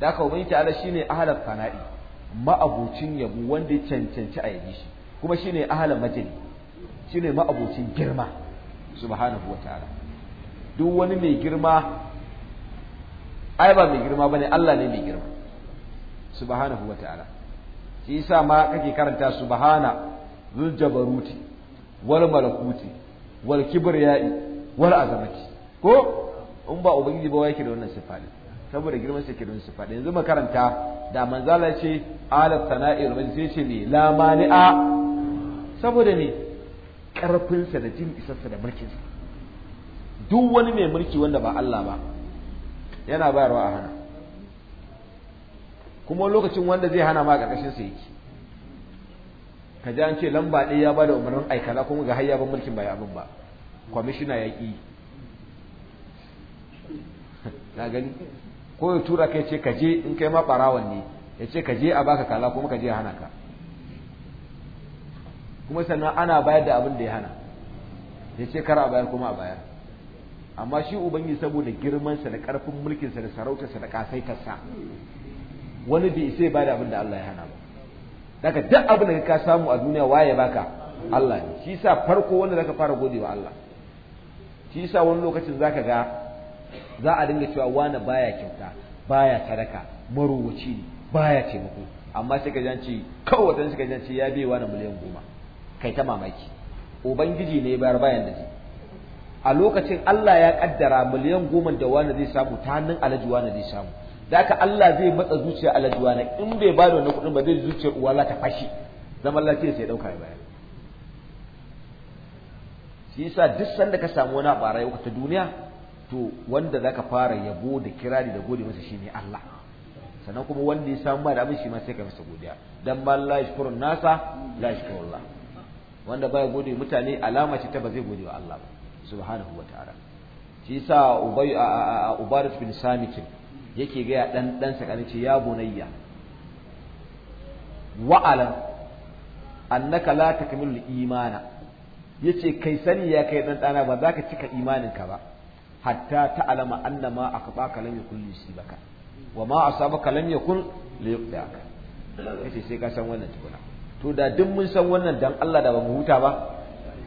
da ka ubangiji ta'ala shine ahlal fana'i ma'abocin yabo wanda ya cancanci a yabi shi kuma shine ahlal majali shine ma'abucin girma subhanahu wataala duk wani mai girma ai ba mai girma bane Allah ne mai girma subhanahu wataala shi yasa ma kake karanta subhana zul jabaruti wal malakuti wal kibriyai wal azamati ko in ba ubangiji ba yake da wannan sifa ne saboda girman sa yake da wannan sifa yanzu makaranta da manzala ce ala sana'il sai ce me la mani'a saboda ne karfin sa da jin isarsa da mulkin sa duk wani mai mulki wanda ba Allah ba yana bayarwa a hana kuma lokacin wanda zai hana ma a sa yake ka ji an ce lamba ɗaya ya bada umarnin aikala kuma ga har ban mulkin ba ya abin ba kwamishina ya ƙi na gani ko ya tura ka ce kaje in kai ma barawan ne ya ce kaje a baka kala kuma kaje ya hana ka kuma sannan ana bayar da abin da ya hana ya ce kar a bayar kuma a bayar amma shi ubangi saboda girmansa da karfin mulkinsa da sarautarsa da kasaitarsa wani bai sai ba da abin da Allah ya hana ba daga duk abin da ka samu a duniya waye baka Allah ne shi sa farko wanda zaka fara gode wa Allah shi sa wani lokacin zaka ga za a dinga cewa wani baya kyauta baya sadaka marowaci ne baya taimako amma sai ka janci kawai wata sai ka janci ya biya wani miliyan goma kai ta mamaki ubangiji ne bayar bayan da a lokacin Allah ya kaddara miliyan goma da wani zai samu ta hannun alhaji wani zai samu da haka Allah zai matsa zuciya alhaji wani in bai ba da wani kuɗin ba zai zuciyar uwala ta fashi zaman lafiya sai ɗauka ya bayar shi yasa duk sanda ka samu wani a ta duniya to wanda zaka fara yabo da kirari da gode masa shine Allah sannan kuma wanda ya samu da abin shi ma sai ka masa godiya dan ba la nasa la shukuru Allah wanda baya gode mutane alama ce ta ba zai gode wa Allah ba subhanahu wataala shi yasa ubay ubarat bin samit yake ga dan dan sa ce ya bunayya wa'ala annaka la takmilu imana yace kai sani ya kai dan dana ba za ka cika ka ba hatta ta'lama annama ma baka lam yakun li sibaka wa ma asabaka lam yakun li Ka kace sai ka san wannan tukuna to da duk mun san wannan dan Allah da ba mu huta ba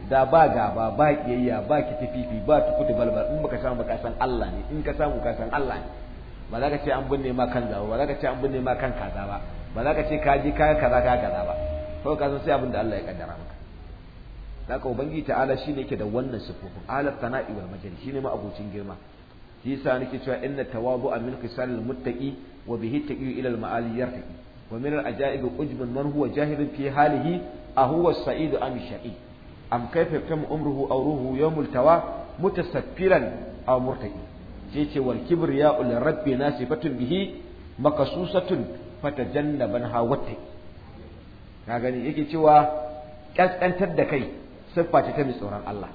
da ba gaba ba kiyayya ba tafifi ba tukutu balbal in baka samu ka san Allah ne in ka samu ka san Allah ne ba za ka ce an binne ma kan zawo ba za ka ce an binne ma kan kaza ba ba za ka ce ka je ka kaza ka kaza ba kawai ka san sai abin da Allah ya kaddara maka haka ubangiji ta'ala ne ke da wannan sifofin ala tana'i wal majal shine ma abocin girma shi yasa nake cewa inna a min khisalil muttaqi wa bihi taqiyu ila al ma'ali yartaqi wa min al ajaibi ujbun man huwa jahilun fi halihi ahuwa as-sa'idu am sha'i am kayfa yaktamu umruhu aw ruhu yawmul tawa mutasaffiran aw murtaqi sai ce wal kibriya'u li rabbi nasifatun bihi makasusatun fatajannaban hawatta ka gani yake cewa kaskantar da kai siffa ce ta mai tsoron Allah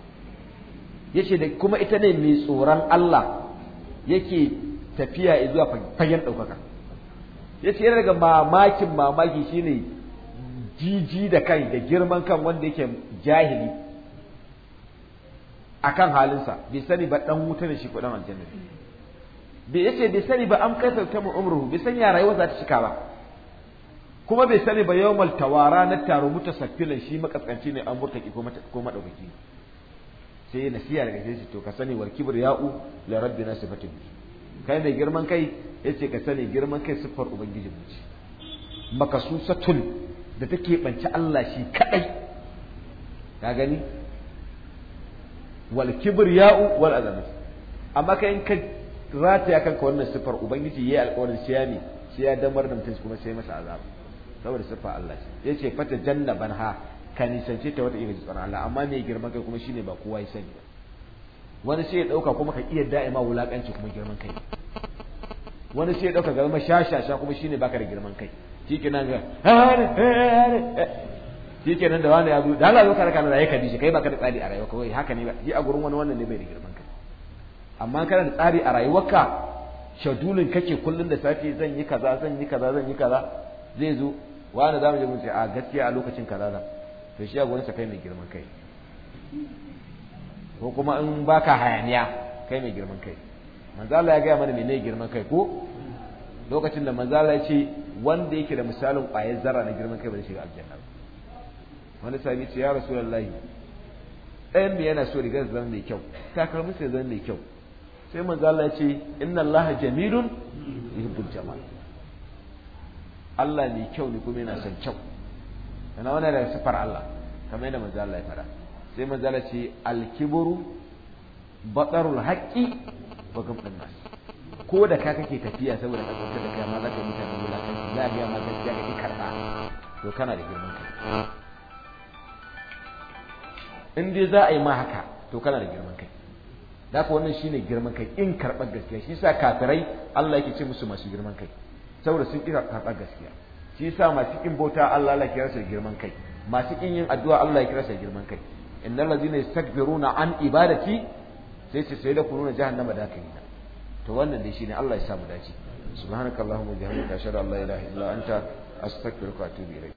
yace da kuma ita ne mai tsoron Allah yake tafiya zuwa fagen ɗaukaka yace yana daga mamakin mamaki shine jiji da kai da girman kan wanda yake jahili akan halinsa bai sani ba dan wuta da shi ko dan aljanna bai yace bai sani ba an kai ta mu umruhu bai san ya rayuwa za ta cika ba kuma bai sani ba yau tawara na taro mutasaffilan shi makaskanci ne an murtaki ko ko madaukaki sai yi nasiya daga sai shi to ka sani wal Rabbi la rabbina sifatun kai mai girman kai yace ka sani girman kai siffar ubangiji mu ce makasusatun da take bance Allah shi kadai ka gani wal ya'u, wal azamat amma kai in ka rataya kanka wannan siffar ubangiji yayi alƙawarin siya ne sai ya damar da mutum kuma sai masa azabu saboda siffa Allah ce yace fata ban ha ka nisance ta wata irin tsoron Allah amma mai girman kai kuma shine ba kowa ya sani ba wani sai ya dauka kuma ka iya da'ima wulakanci kuma girman kai wani sai ya dauka ga ma shashasha kuma shine baka da girman kai shikenan ga nan da wani ya zo da Allah zo ka raka na yayi kadi shi kai baka da tsari a rayuwa kawai haka ne ba a gurin wani wannan ne bai da girman kai amma kana da tsari a rayuwarka shadulin kake kullum da safe zan yi kaza zan yi kaza zan yi kaza zai zo wani za mu je mun ce a gaskiya a lokacin kaza to shi ya gwaninsa kai mai girman kai ko kuma in baka hayaniya kai mai girman kai manzala ya gaya mana menene girman kai ko lokacin da manzala ya ce wanda yake da misalin ƙwayar zarra na girman kai ba zai shiga aljanna ba wani sahabi ce ya rasulullahi ɗayan mu yana so rigar zan mai kyau takalmin sai zan mai kyau sai manzala ya ce inna allaha jamilun yuhibbul jamal Allah mai kyau ne kuma yana son kyau yana wani da sifar Allah kamar yadda manzo Allah ya fara sai manzo Allah ce al-kibru batarul haqqi wa gamdan nas ko da ka kake tafiya saboda ka tsaka da kai ma za ka yi mutane wulakanci za ka ga ma za ka kai karba to kana da girman kai in dai za a yi ma haka to kana da girman kai da haka wannan shine girman kai in karɓar gaskiya shi yasa kafirai Allah yake ce musu masu girman kai saboda sun kira karɓar gaskiya shi yasa masu ƙin bauta Allah Allah kira su girman kai masu kin yin addu'a Allah ya kira su girman kai innal ladzina yastakbiruna an ibadati sai su sai da kununa jahannama da kai to wannan dai shine Allah ya sa mu dace subhanakallahumma wa bihamdika ashhadu an la ilaha illa anta astaghfiruka wa atubu ilayk